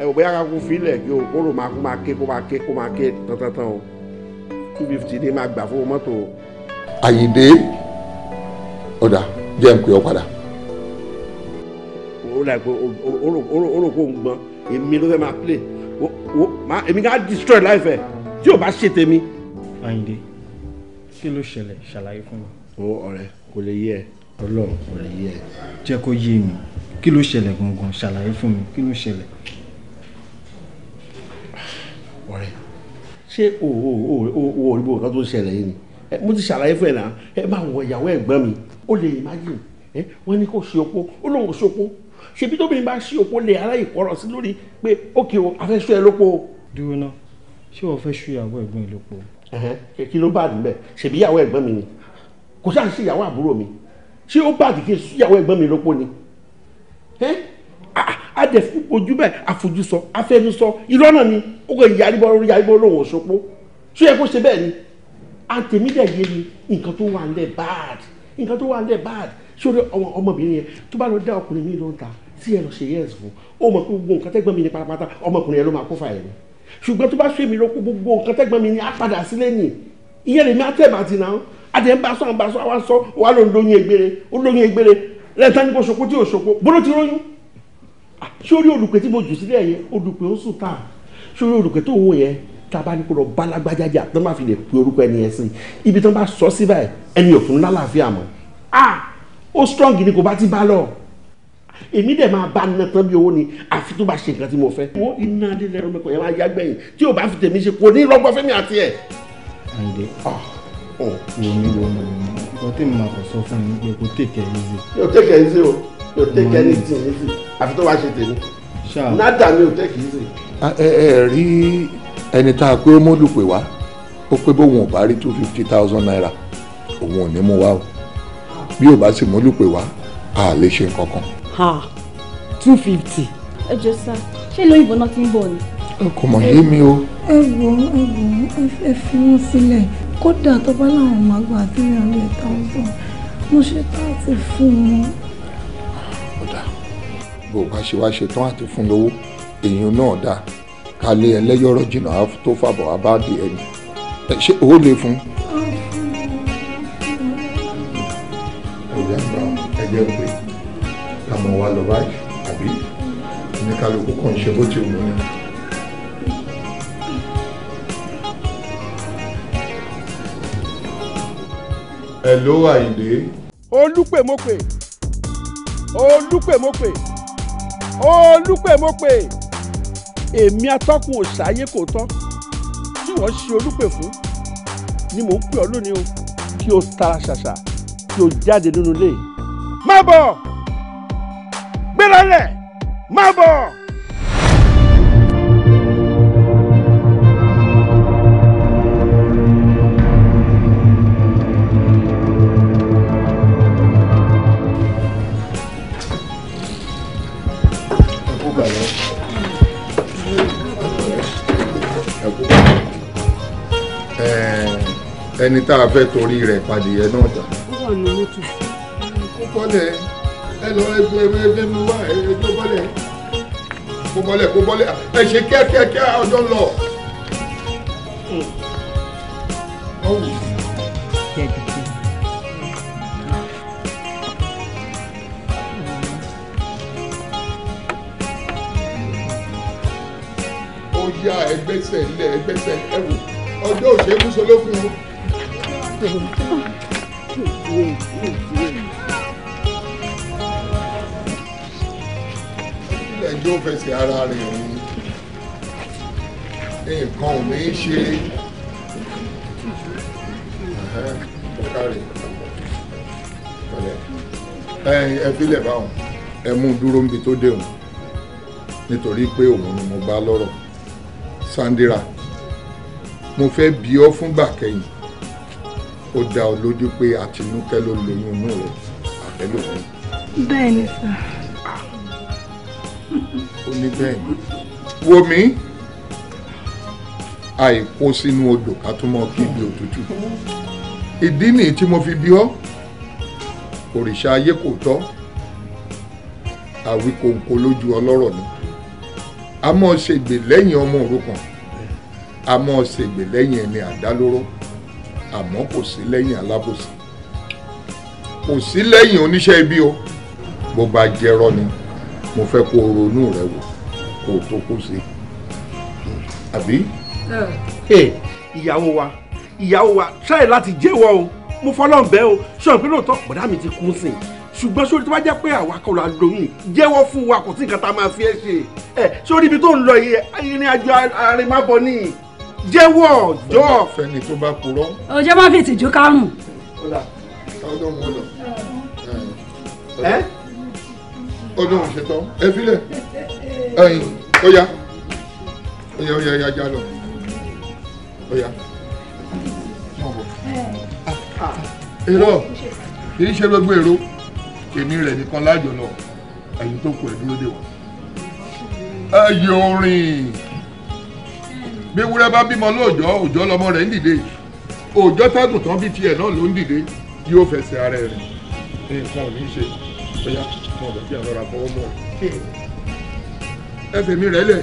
ẹ ò bóyá kakú filẹ̀ kí o kó ló máa kó máa ké kó máa ké kó máa ké tantantan o two fifty ni máa gbà fún mọ́tò o. àyìndé ọ̀dà jẹ́ ń pè ọ́ padà. ó rò kó ń gbọ́n èmi ló fẹ́ máa play wo máa Emi, ká destroy life ẹ tí o bá ṣe tèmi. Àyìndé kí ló ṣẹlẹ̀ ṣàlàyé fún mi. o ọ̀rẹ́ kò lè yé ẹ Ọlọ́run kò lè yé ẹ. jẹ́ kó yé mi kí ló ṣẹlẹ̀ gangan ṣàlàyé fún mi kí ló ṣẹlẹ̀. ọ̀rẹ́ ṣé o o o o o ò rí bó nǹkan tó ṣẹlẹ̀ yìí ni mo ti ṣàlàyé fún ẹ náà ẹ máa wọ ìyàwó ẹ̀gbọ́n mi ó lè má wọ́n ní kó ṣe opó ó lóun ṣe opó ṣebí tóbìnrin bá ṣí òpó lè aráyè kọ́rọ̀ sí lórí pé ókè o afẹ́ ṣú ẹ lópo. dúró ná ṣé o fẹ́ ṣú ìyàwó ẹ̀gbọ́n ẹ lópo. kí ló bá níbẹ̀ ṣebí ìyàwó ẹ̀gbọ́n mi ni kò sáà sí ìyàwó àbúrò mi ṣé ó bàdì kí ìyàwó ẹ̀gbọ́n mi lópo ni. a dẹ̀ fún ojú bẹ́ẹ̀ àfojúsọ afẹnusọ irọ́ náà ni ó kò yaribọ́ lórí yaribọ́ lóhùn òṣòpó ṣé ẹ kó ṣe bẹ́ẹ̀ ni àtẹ̀mídẹ̀yẹ ni nǹkan tó wà ń lẹ̀ bad nǹkan tó wà ń lẹ̀ bad sórí ọmọbìnrin yẹn tó bá lọ dá ọkùnrin mi ló ta tí ẹ lọ ṣe yẹ́sì fún ó mọ̀ pé gbogbo nǹkan tẹ́gbọ́n mi ní pátápátá ọmọkùnrin yẹn ló máa kó fà yẹn ni ṣùgbọ́n tó bá ṣe mí ló kó gbogbo nǹkan tẹ́gbọ́n mi ní á padà sílé nì ìyẹn lèmi á tẹ̀ bàtì náà á tẹ̀ ń bá sọ à ń bá sọ àwa sọ wà ló ń lóyún egbére ó lóyún egbére lẹ́tà ní kò ṣoko tí ò ṣoko bóló ti róyún sórí olùpẹ̀ tí mo jù sílẹ̀ yẹn olùpẹ̀ ó sùn tà sórí olùpẹ̀ tó wò yẹn taba ní kó lọ balagbajaja tó ah ó strong gidi kò bá ti bá lọ èmi dẹ̀ máa bá nínú tán bí owó ni àfi tó bá ṣe nǹkan tí mo fẹ́. wo iná lílẹ̀ ẹ̀rọ mẹ́kọ̀ọ́ yẹn máa yá gbẹ̀yìn tí ò bá fi tèmi ṣe kò ní lọ́gbọ́n fẹ́mi àti ẹ̀. àyìndé ah, wo ni wo ni nǹkan tí mo máa kọ sọ fún mi pé kò tèkẹ́ easy. yóò tèkẹ́ easy o yóò tèkẹ́ ní tì easy àfi tó bá ṣe tèmi. nádà mi ò tèkẹ́ easy. ẹ ẹ rí ẹni tá a pé ó mọ́lù pè wá ó pé bóun ò bá rí two fifty thousand naira òun ò ní mú bí ò bá sì múlù pé wá a lè ṣe nǹkan kan. ha two fifty. ẹ jọ sá ṣé ìlú òyìnbó náà ti ń bọ̀ ni. kò mọ̀ yé mi o. ẹ wò ẹ wò ẹ fi wọn sílẹ̀ kódà tó bá láwọn máa gba three hundred thousand mo ṣe tán àti fún wọn. ọ̀dà bó o bá ṣe wá ṣe tán àti fún lówó èèyàn náà dà kálé ẹlẹ́yọ̀rọ̀ jìnnà tó fàbọ̀ abáàdì ẹni ṣé owó lè fún un. ìyàgbà ẹgbẹ́ òpè làmọ̀ wa lọ báyìí àbí ní kálukú kàn ṣe bó ti wù ní. Hello Àyìndé. olùpèmọ̀pè olùpèmọ̀pè olùpèmọ̀pè èmi atọ́kùn òṣàyé kò tọ́ tí wọ́n ṣe olùpè fún ni mò ń pè ọ́ lónìí o kí o tara ṣàṣà kí o jáde nínú ilé. má bọ̀ gbéra lẹ̀ má bọ̀. Thank you. ẹni tá a fẹ́ torí rẹ̀ pàdéyẹ náà jà. ó wà ní mọ́tò. kó bọ́lẹ̀ ẹ lọ ẹgbẹ́ ẹgbẹ́ mi wá ẹgbẹ́ bọ́lẹ̀ kó bọ́lẹ̀ kó bọ́lẹ̀ ẹ ṣe kíákíákíá ọjọ́ lọ. ọ̀hún. ó yá ẹgbẹ́sẹ̀ lé ẹgbẹ́sẹ̀ ẹ̀wò ọjọ́ òṣèlú sọ ló fún ẹjọ́ fẹsẹ̀ ara rẹ̀ rìn nǹkan ò ní ṣe ẹ filẹ̀ báwọn ẹ mú dúró níbi tó dé òun nítorí pé òun ni mo bá lọ́rọ̀ Sandira mo fẹ́ bí ọ fúngbà kẹ́yìn ó dá ọ lójú pé àtinúkẹ́ ló lóyún inú rẹ àbẹ́lòmíì. bẹ́ẹ̀ ni sà. ó ní bẹ́ẹ̀ ni wo mi àìkó sínú odò ká tún mọ kí ibi òtútù ìdí nìyí tí mo fi bí ọ òrìṣà ayé kò tọ́ àwíkòǹkò lójú ọlọ́rọ̀ ni a mọ̀ ṣègbè lẹ́yìn ọmọ òrukàn a mọ̀ ṣègbè lẹ́yìn ẹni àdálóró àmọ́ kò sí lẹ́yìn alábòsí kò sí lẹ́yìn oníṣẹ́ ibi o bó bá jẹ́rọ́ ni mo fẹ́ kó o ronú rẹ wò kó o tó kó sí i àbí. ìyàwó wa ìyàwó wa try láti jẹ́wọ́ o mo fọlọ́n bẹ́ẹ̀ o ṣọ́n pé lóòótọ́ bọ̀dá mi ti kún sí i ṣùgbọ́n sórí tó bá jẹ́ pé àwa kọ̀ la jẹ́wọ́ fún wa kò sí nǹkan tá a máa fi ẹ́ ṣe ẹ sórí ibi tó ń lọ yìí ìrìn àjò arìnmábọ̀ nìyí jẹ́wọ́ ọjọ́ ọ̀fẹ́ni tó bá purọ́. ọjọ́ má fi tìjú kárùn. ọdún ṣetán ẹ filẹ̀ ẹyin ó yá ó yá ó yá yá já lọ ó yá èrò ah, ah. kì í ṣe gbogbo èrò èmi rẹ̀ nìkan lájọ lọ ẹ̀yin tó kù ẹ̀ dúró dé wọn. ẹ yọ orin bí ewúrẹ́ bá bímọ lóòjọ́ òòjọ́ lọmọ rẹ̀ ń dìde òòjọ́ tágùn tán bí tiẹ̀ náà ló ń dìde yóò fẹsẹ̀ ara rẹ̀ nǹkan ò ní ṣe bóyá mo bẹ̀ kí ọ̀rọ̀ àfọwọ́ mọ́ ẹ fèmí rẹ̀ lẹ̀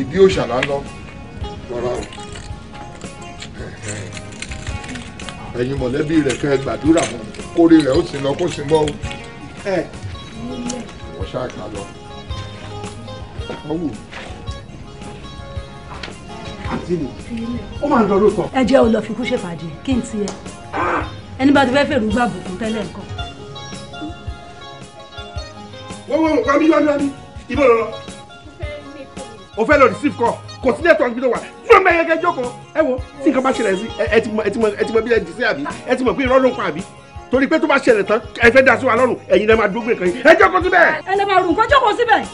ìdí òṣàlá lọ rọra o ẹ̀yin mọ̀lẹ́bí rẹ̀ kẹ́ ẹ gbàdúrà mọ́ kórè rẹ̀ ó sì lọ kó sì mọ́ o wọ́n ṣáà kà lọ dì mí ó máa ń lọ lóòótọ́. ẹ jẹ́ o lọ fi kú ṣèpàdé kí n tiẹ̀ ẹni bá ti fẹ́ fèrú gbà bùkún tẹ́lẹ̀ nǹkan. wọ́n wọ́n wá mi wá mi wá ibo lọ. o fẹ́ lọ receive call kò sí network bí ló wà fún mi ẹ̀yẹ́gẹ́ jókòó ẹ wo tí nǹkan bá ṣẹlẹ̀ sí ẹ ti mọ ẹ ti mọ bí ẹ jì sí àbí ẹ ti mọ pé irọ́ ló ń pa àbí torí pé tó bá ṣẹlẹ̀ tán ẹ fẹ́ dá sí wa lọ́rùn ẹ̀yin náà máa dúró gbé kan yìí ẹ jókòó síbẹ̀. ẹ lè máa rùn kó jókòó síbẹ̀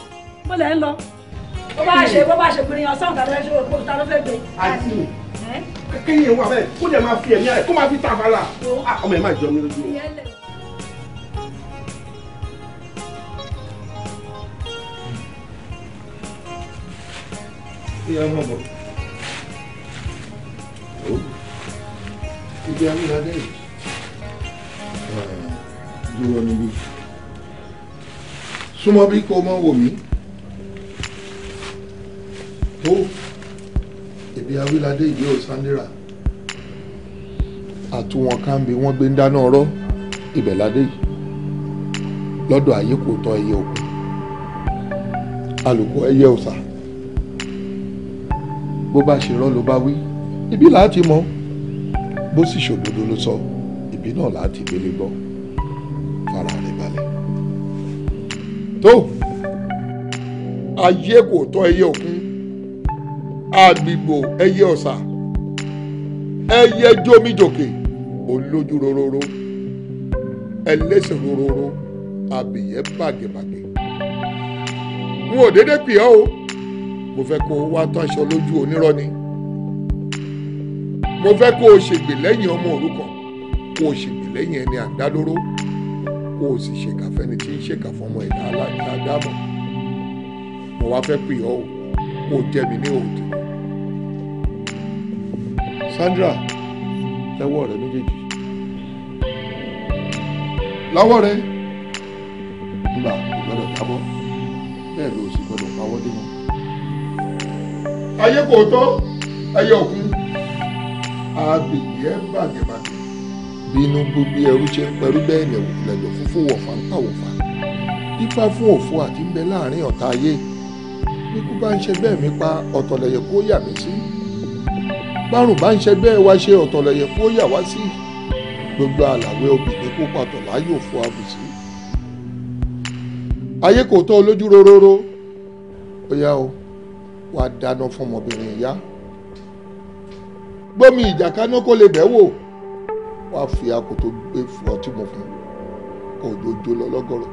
mo lè ń lọ bó bá ṣe bó bá ṣe pinnu yan sọ́hùn tàbí ẹṣin òkú ta ló fẹ́ gbé. àti kékeré wà bẹ́ẹ̀ kó dẹ̀ máa fi ẹ̀mí rẹ̀ kó máa fi tàfàlà ah, ọmọ ẹ̀ máa jọ mi lójú. ìyá ọmọ bọ̀ ibi amúnadé yìí dúró níbí súnmọ́ bí kò mọ́ wò mí tó èmi awíládé ìdí òsán léra àtúwọn kan bí wọ́n gbé ń dáná ọ̀rọ̀ ibẹ̀ ládé yìí lọ́dọ̀ ayé kò tọ́ ẹyẹ òkun alùpùpù ẹyẹ òsà bó bá ṣe rọ́ ló bá wí ibi láti mọ̀ bó sì ṣòdodo ló sọ ibi náà láti gbélé gbọ́ fara rẹ̀ balẹ̀ tó ayé kò tọ́ ẹyẹ òkun àgbìgbò ẹyẹ ọ̀sà ẹyẹ jómijòkè olójú rororo ẹlẹ́sẹ̀ rororo abìyẹ́ bàgẹ̀bàgẹ̀ n ò déédéé pè ọ́ o mo fẹ́ kó o wá tó aṣọ lójú onírọ́ ni mo fẹ́ kó o ṣègbè lẹ́yìn ọmọ òrukàn kó o ṣègbè lẹ́yìn ẹni àdálóró kó o sì ṣèkà fẹ́ni tí ń ṣèkà fọmọ ẹ̀dá aláìdáàmọ̀ mo wá fẹ́ pè o kó o jẹ́ mi ní òòtù. Sandra tẹ́wọ́ rẹ méjèèjì lọ́wọ́ rẹ nígbà ìgbọ́dọ̀ jábọ́ bẹ́ẹ̀ ló sì gbọ́dọ̀ pawọ́ dé wọn. ayé kò tó ẹyẹ òkun àgbègbè ẹ bàgẹ̀bàgẹ̀ bínú gbogbo ẹrú ṣe ń pẹrú bẹ́ẹ̀ lẹ̀lọ̀ fúnfún wọ̀fà ń pàwọ̀fà ipa fún òfò àti ń bẹ láàrin ọ̀tá ayé bí kú bá ń ṣe bẹ́ẹ̀ mi pa ọ̀tọ̀lẹ̀yẹ kó yà mí sí bárùn bá ń ṣẹgbẹ́ wa ṣe ọ̀tọ̀lẹ̀yẹ kó yà wá sí gbogbo àlàwé obìnrin kó pàtó láyò fún àbùsí. ayé kò tọ́ olójú rororo ó yá o wàá dáná fún ọmọbìnrin ìyá gbómi ìjà kaná kó lè bẹ́ẹ̀ wò wàá fi akoto gbé fún ọtí mọ̀ fún kó o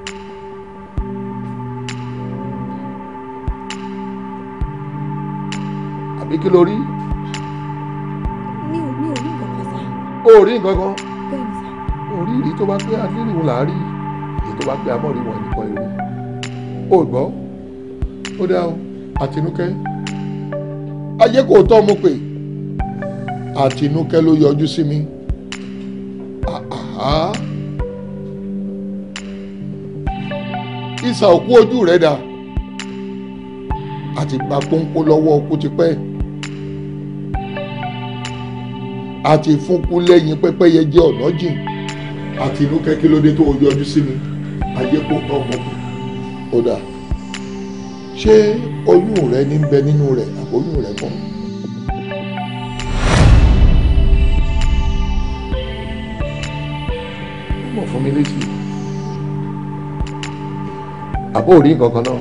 àbí kí ló o rí nǹkan kan o rí ìrí tó bá pé adínrín wọn là á rí èyí tó bá pé amọ́rí wọn nìkan rí o gbọ́ ó dá o àtinúkẹ́ ayé kò tọ́ mo pè àtinúkẹ́ ló yọjú sí mi ìsà òkú ojú rẹ̀ dà àti gba pọ́npọ́ lọ́wọ́ òkú ti pẹ́ àti fúnkú lẹ́yìn pẹ́pẹ́yẹ jẹ́ ọ̀nà jìn àti inú kẹ́kí lóde tó o yọjú sí mi ayé kò tọ́ ọmọ mi ó dà ṣé oyún rẹ ní bẹ nínú rẹ àbóyún rẹ kọ́. mọ̀ fún mi létí àbó ò nǹkan kan náà.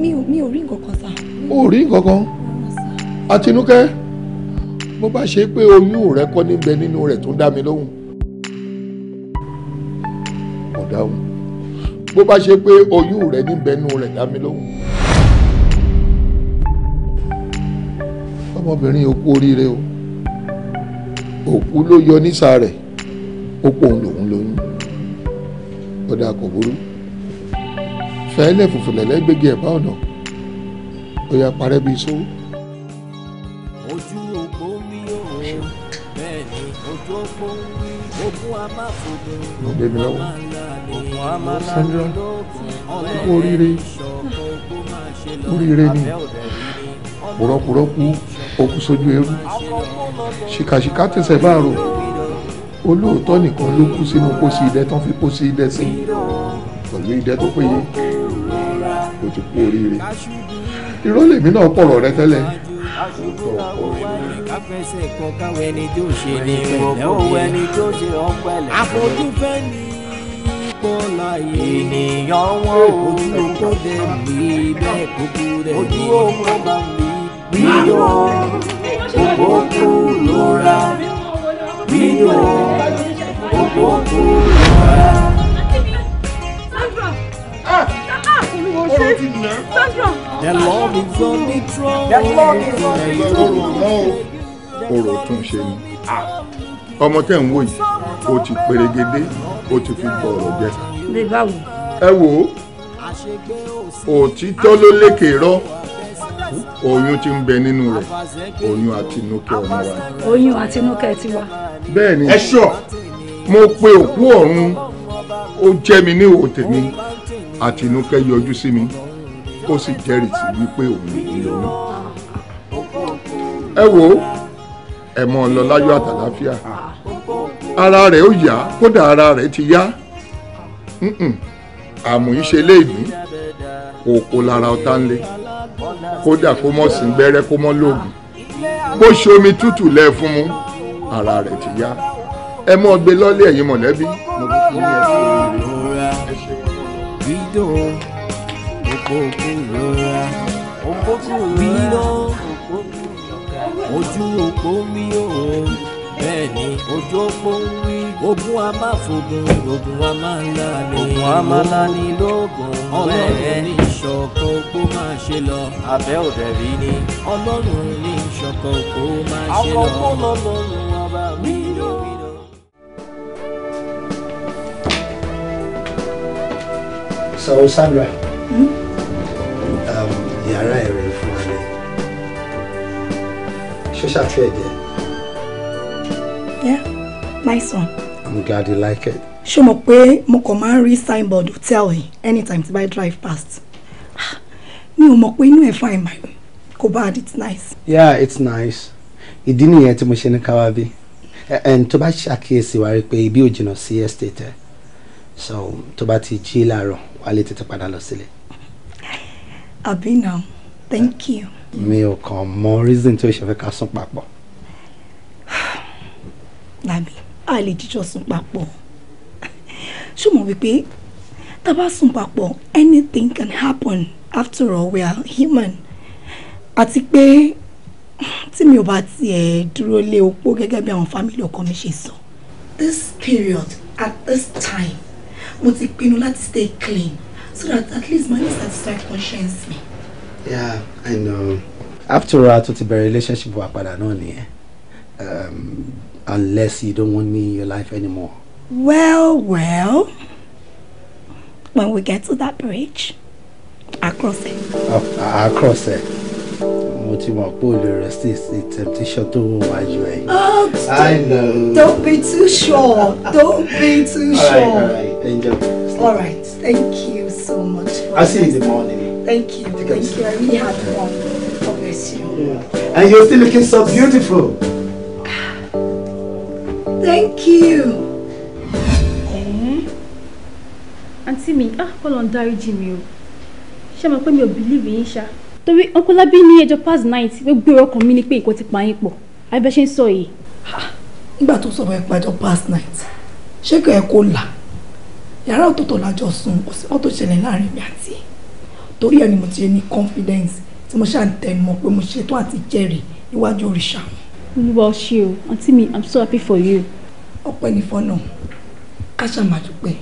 mi ò mi ò rí nǹkan kan sá. o ò rí nǹkan kan àtinúkẹ́ bó bá ṣe pé oyún rẹ kọ́ níbẹ̀ nínú rẹ̀ tó ń dá mi lóhùn kò dáhùn bó bá ṣe pé oyún rẹ níbẹ̀ nínú rẹ̀ dá mi lóhùn. ọmọbìnrin òkú oríire o òkú ló yọ nísà rẹ̀ ó pòun lòun lóyún ọ̀dà kò burú fẹ́ẹ́lẹ̀ fùfùlẹ̀lẹ́ gbégi ẹ̀ bá ọ̀nà ó yá parẹ́ bíi sówó. lè mí lọ́wọ́ Sandra kú oríire oríire ni pùrọ̀pùrọ̀pù okú sójú eérú ṣìkàṣìkà tẹsẹ̀ bá rò nìkan ló kú sínú pósí idẹ tán fi pósí idẹ sí pẹ̀lú idẹ tó péye ó ti kú oríire irọ́ lèmi náà pọ̀rọ̀ rẹ tẹ́lẹ̀ káfẹsẹ̀ kọ káwọn ẹni tó ṣe ní pẹ̀lẹ́ òwe ẹni tó ṣe ọpẹlẹ̀. àfojúfẹ́ ni pọ̀ láyé ènìyàn wọn ò ojú oko dẹ̀ bẹ́ẹ̀ kúkú dẹ̀ ojú oko bá mi bíyọ̀ òkòkò lóra bíyọ̀ òkòkò lóra. Ah! The Lord is on the throne. The Lord is on the throne orò tún ṣe ni ọmọ tẹ́ ń wò yìí ó ti pèrègede ó ti fi gbọ́ ọ̀rọ̀ jẹ. ẹ wò ó òtítọ́ ló lékè rọ́ oyún ti ń bẹ nínú rẹ̀ oyún àtinúkẹ́ ọmọ wa. oyún àtinúkẹ́ tiwa. bẹ́ẹ̀ni ẹ ṣọ mo pe òkú ọ̀run ó jẹ́ mi ní òwò tèmi àtinúkẹ́ yọjú sí mi ó sì jẹ́rìí sí wípé òun lè ní oyún. ẹ wò ó ẹ mọ lọ láyọ̀ àtàláfíà ara rẹ̀ ó yá kódà ara rẹ̀ ti yá àmúyíṣe léèmí òkò lára ọ̀tá ńlẹ̀ kódà kó mọ̀ sí gbẹ́rẹ́ kó mọ̀ lóògùn bó ṣe omi tútù lẹ fún mu ara rẹ̀ ti yá ẹ mọ gbé lọ́lé ẹ̀yin mọ̀lẹ́bí mo kò kí ní ẹ̀fọ́ rẹ̀ ojú òpó wí o bẹ́ẹ̀ ni ojú òpó wí ogun a máa fògùn ogun a máa ńlá ni ogun a máa ńlá ni lóògùn ọlọ́run ní ìṣọ̀kan òpó máa ṣe lọ abẹ́ òdẹ̀ ni ọlọ́run ní ìṣọ̀kan òpó máa ṣe lọ àwọn ọmọ ọlọ́run ọba mi lórí. So Sandra, hmm? um, yàrá ẹ̀rẹ̀ fún social fair there. Yeah, nice one. I'm glad you like it. Show mo pé mo kàn máa ń rí signboard hotel yìí anytime to buy drive past. Ni ah, ò mọ̀ pé inú fine my kò bad it's nice. Yeah, it's nice. Ìdí nìyẹn tí mo ṣe ní káwá bí. Ẹn tó bá ṣàkíyèsí wa rí pé ibi ò estate So to bá ti jí láàárọ̀ wà á lè tètè now, thank you mi ò kàn mọ reason tí ó ṣe fẹ́ ká sùn papọ̀. Lami, a lè jíjọ sùn papọ̀. Ṣé mo wípé tá a bá sùn papọ̀ anything can happen after all we are human. Àti pé tí mi ò bá tiẹ̀ dúró lé opó gẹ́gẹ́ bí àwọn family ọkọ mi ṣe sọ. This period at this time mo ti pinnu láti stay clean so that at least my sister satisfaction conscience me yeah i know. after all tó ti bẹ̀rẹ̀ relationship wa padà náà nìyẹn um, unless you don't want me in your life anymore. well well when we get to that bridge i'll cross it. Oh, i'll cross it resist the temptation tó ń wájú I know. Don't be too sure. Don't be too all sure. Right, all right, all right. All right. Thank you so much. For I'll see you in the morning. Thank you. Thank you. I really had fun. God bless you. Yeah. Mm. And you're still looking so beautiful. Thank you. Àǹtí mm-hmm. me. ah, call on ń dáríjì mi o. Ṣé me pé mi ò bìlíìfì yín ṣá? Torí Ọkọ́lábí ní the past night gbogbo ọkàn mi ni pé ìkó ti pa yín saw you. But also, sọ yìí. Nígbà tó past night, She kò ẹ kó You're Yàrá ọ̀tọ̀ọ̀tọ̀ lájọ sùn, kò sí mọ́tò ṣẹlẹ̀ láàrin mi torí ẹ̀ ni mo ti ní confidence tí mo ṣáà tẹnu mọ́ pé mo ṣetán àti jẹ́rìí níwájú òrìṣà. olúwa ó ṣe o àǹtí mi i'm so happy for you. ọpẹ́ ní fọ́nà ká ṣàmàdúpẹ́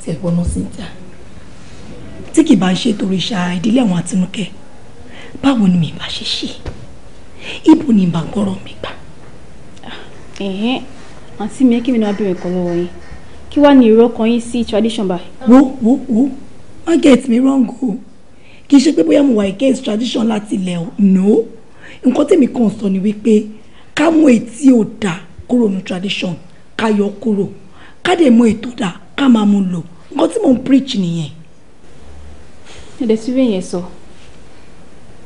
tí ẹ gbọ́ná sí ìta tí kì bá ń ṣètò òrìṣà ìdílé àwọn àtinúkẹ́ báwo ni mi bá ṣe ṣe ibo ni ìbá gbọ́rọ̀ mi gbà. àǹtí mi kí mi náà bèrè kọ́ lọ́wọ́ yín kí wàá ní ìró kan yín sí tradition báyìí. wo wo wo Don't get me wrong o kì í ṣe pé bóyá mo wà against tradition láti ilẹ̀ o no nǹkan tèmi kàn sọ ni wípé ká mú etí ò dá kúrò ní tradition ká yọ kúrò ká dẹ̀ mú ètò dá ká máa mú lò nǹkan tí mò ń preach nìyẹn. ẹ̀dẹ̀ tí wíyẹn sọ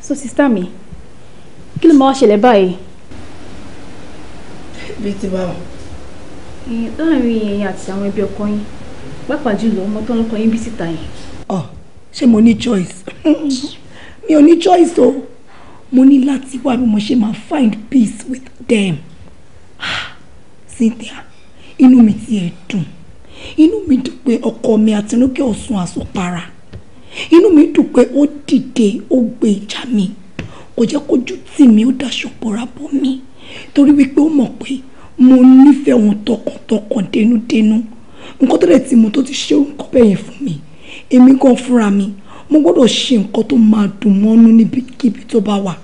so sista mi kí ló máa wá ṣẹlẹ̀ báyìí. bíi ti báwọn. láàrin èèyàn àti àwọn ẹbí ọkọ yín pàápàá jùlọ ọmọ tó ń lọkọ yín bí síta yìí ọ ah, ṣé mo ní choice mi ò ní choice o mo ní láti wá bí mo ṣe máa find peace with them ah, Cynthia inú mi ti ẹ̀ dùn inú mi dùn pé ọkọ mi Àtinúkẹ́ Ọ̀ṣun àsopara inú mi dùn pé ó dìde ó gbé ìjà mi kò jẹ́ kójú tì mí ó daṣọ bora bò mí torí wípé ó mọ̀ pé mo nífẹ̀ẹ́ òun tọkàntọkàn dénúdénú nǹkan tó dẹ̀ ti mú tó ti ṣe orúkọ bẹ́ẹ̀ fún mi èmi gan fúnra mi mo gbọ́dọ̀ ṣe nǹkan tó máa dùn mọ́nú níbikíbi tó bá wà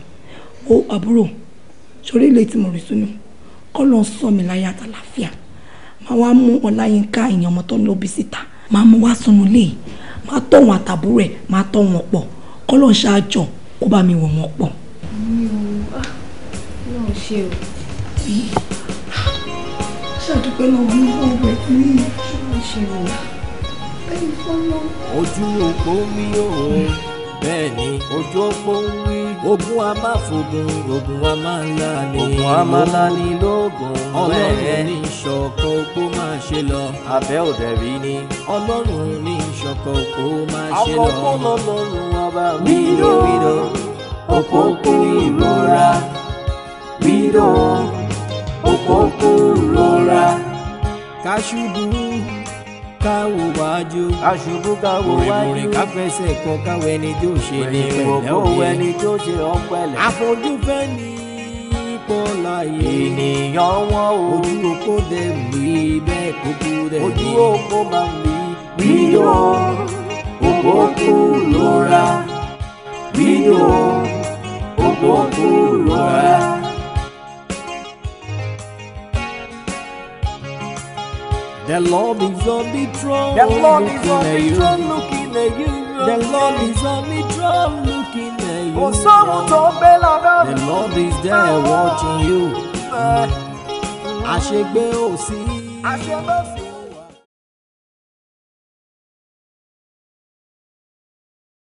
ó àbúrò sórí ilé tí mo rí sínú kọ́ ló ń sọ mi láyé àtàlàfíà máa wá mú ọláyínká èèyàn ọmọ tó ń lóbi síta máa mú wá sunu lé máa tọ̀ wọn àtàbúrò ẹ̀ máa tọ̀ wọn pọ̀ kọ́ ló ń ṣáájọ kó bá mi wọ̀ wọn pọ̀. ṣàdúpẹ́ náà bí wọ́n wẹ̀ ojú òpó wí òun bẹ́ẹ̀ ni ojú òpó wí ogun a máa fògùn ogun a máa ńlá ni ogun a máa ńlá ni lóògùn ọlọ́run ní ìṣọ̀kan òpó máa ṣe lọ abẹ́ òdẹ̀rí ni ọlọ́run ní ìṣọ̀kan òpó máa ṣe lọ ọkọ̀ lọ́lọ́run ọba wíìdó wíìdó òpópó ìrora wíìdó òpópó ìrora ká ṣubú ká wò wájú. aṣubú ká wò wájú. òrìmùrìn ká fẹsẹ̀ kọ káwọ ẹni tó ṣe ní pẹ̀lẹ́ òye. ẹni tó ṣe ọ̀pẹ̀lẹ̀. àfojúfẹ́ ni ipò láàyè. ènìyàn wọn o. ojú òpó dẹ̀ rí bẹ́ẹ̀ kúkú dẹ̀ rí. ojú òpó máa ń rí. rídò òpó kú lóra. rídò òpó kú lóra. The Lord is on the throne. The Lord is on the throne looking at you. The Lord is on the throne looking at you. Kò sóhun tó ń bẹ lọ́dọ̀. The Lord is there ah. watching you. Ah. Àṣegbé ò sí. Àṣegbé ò sí.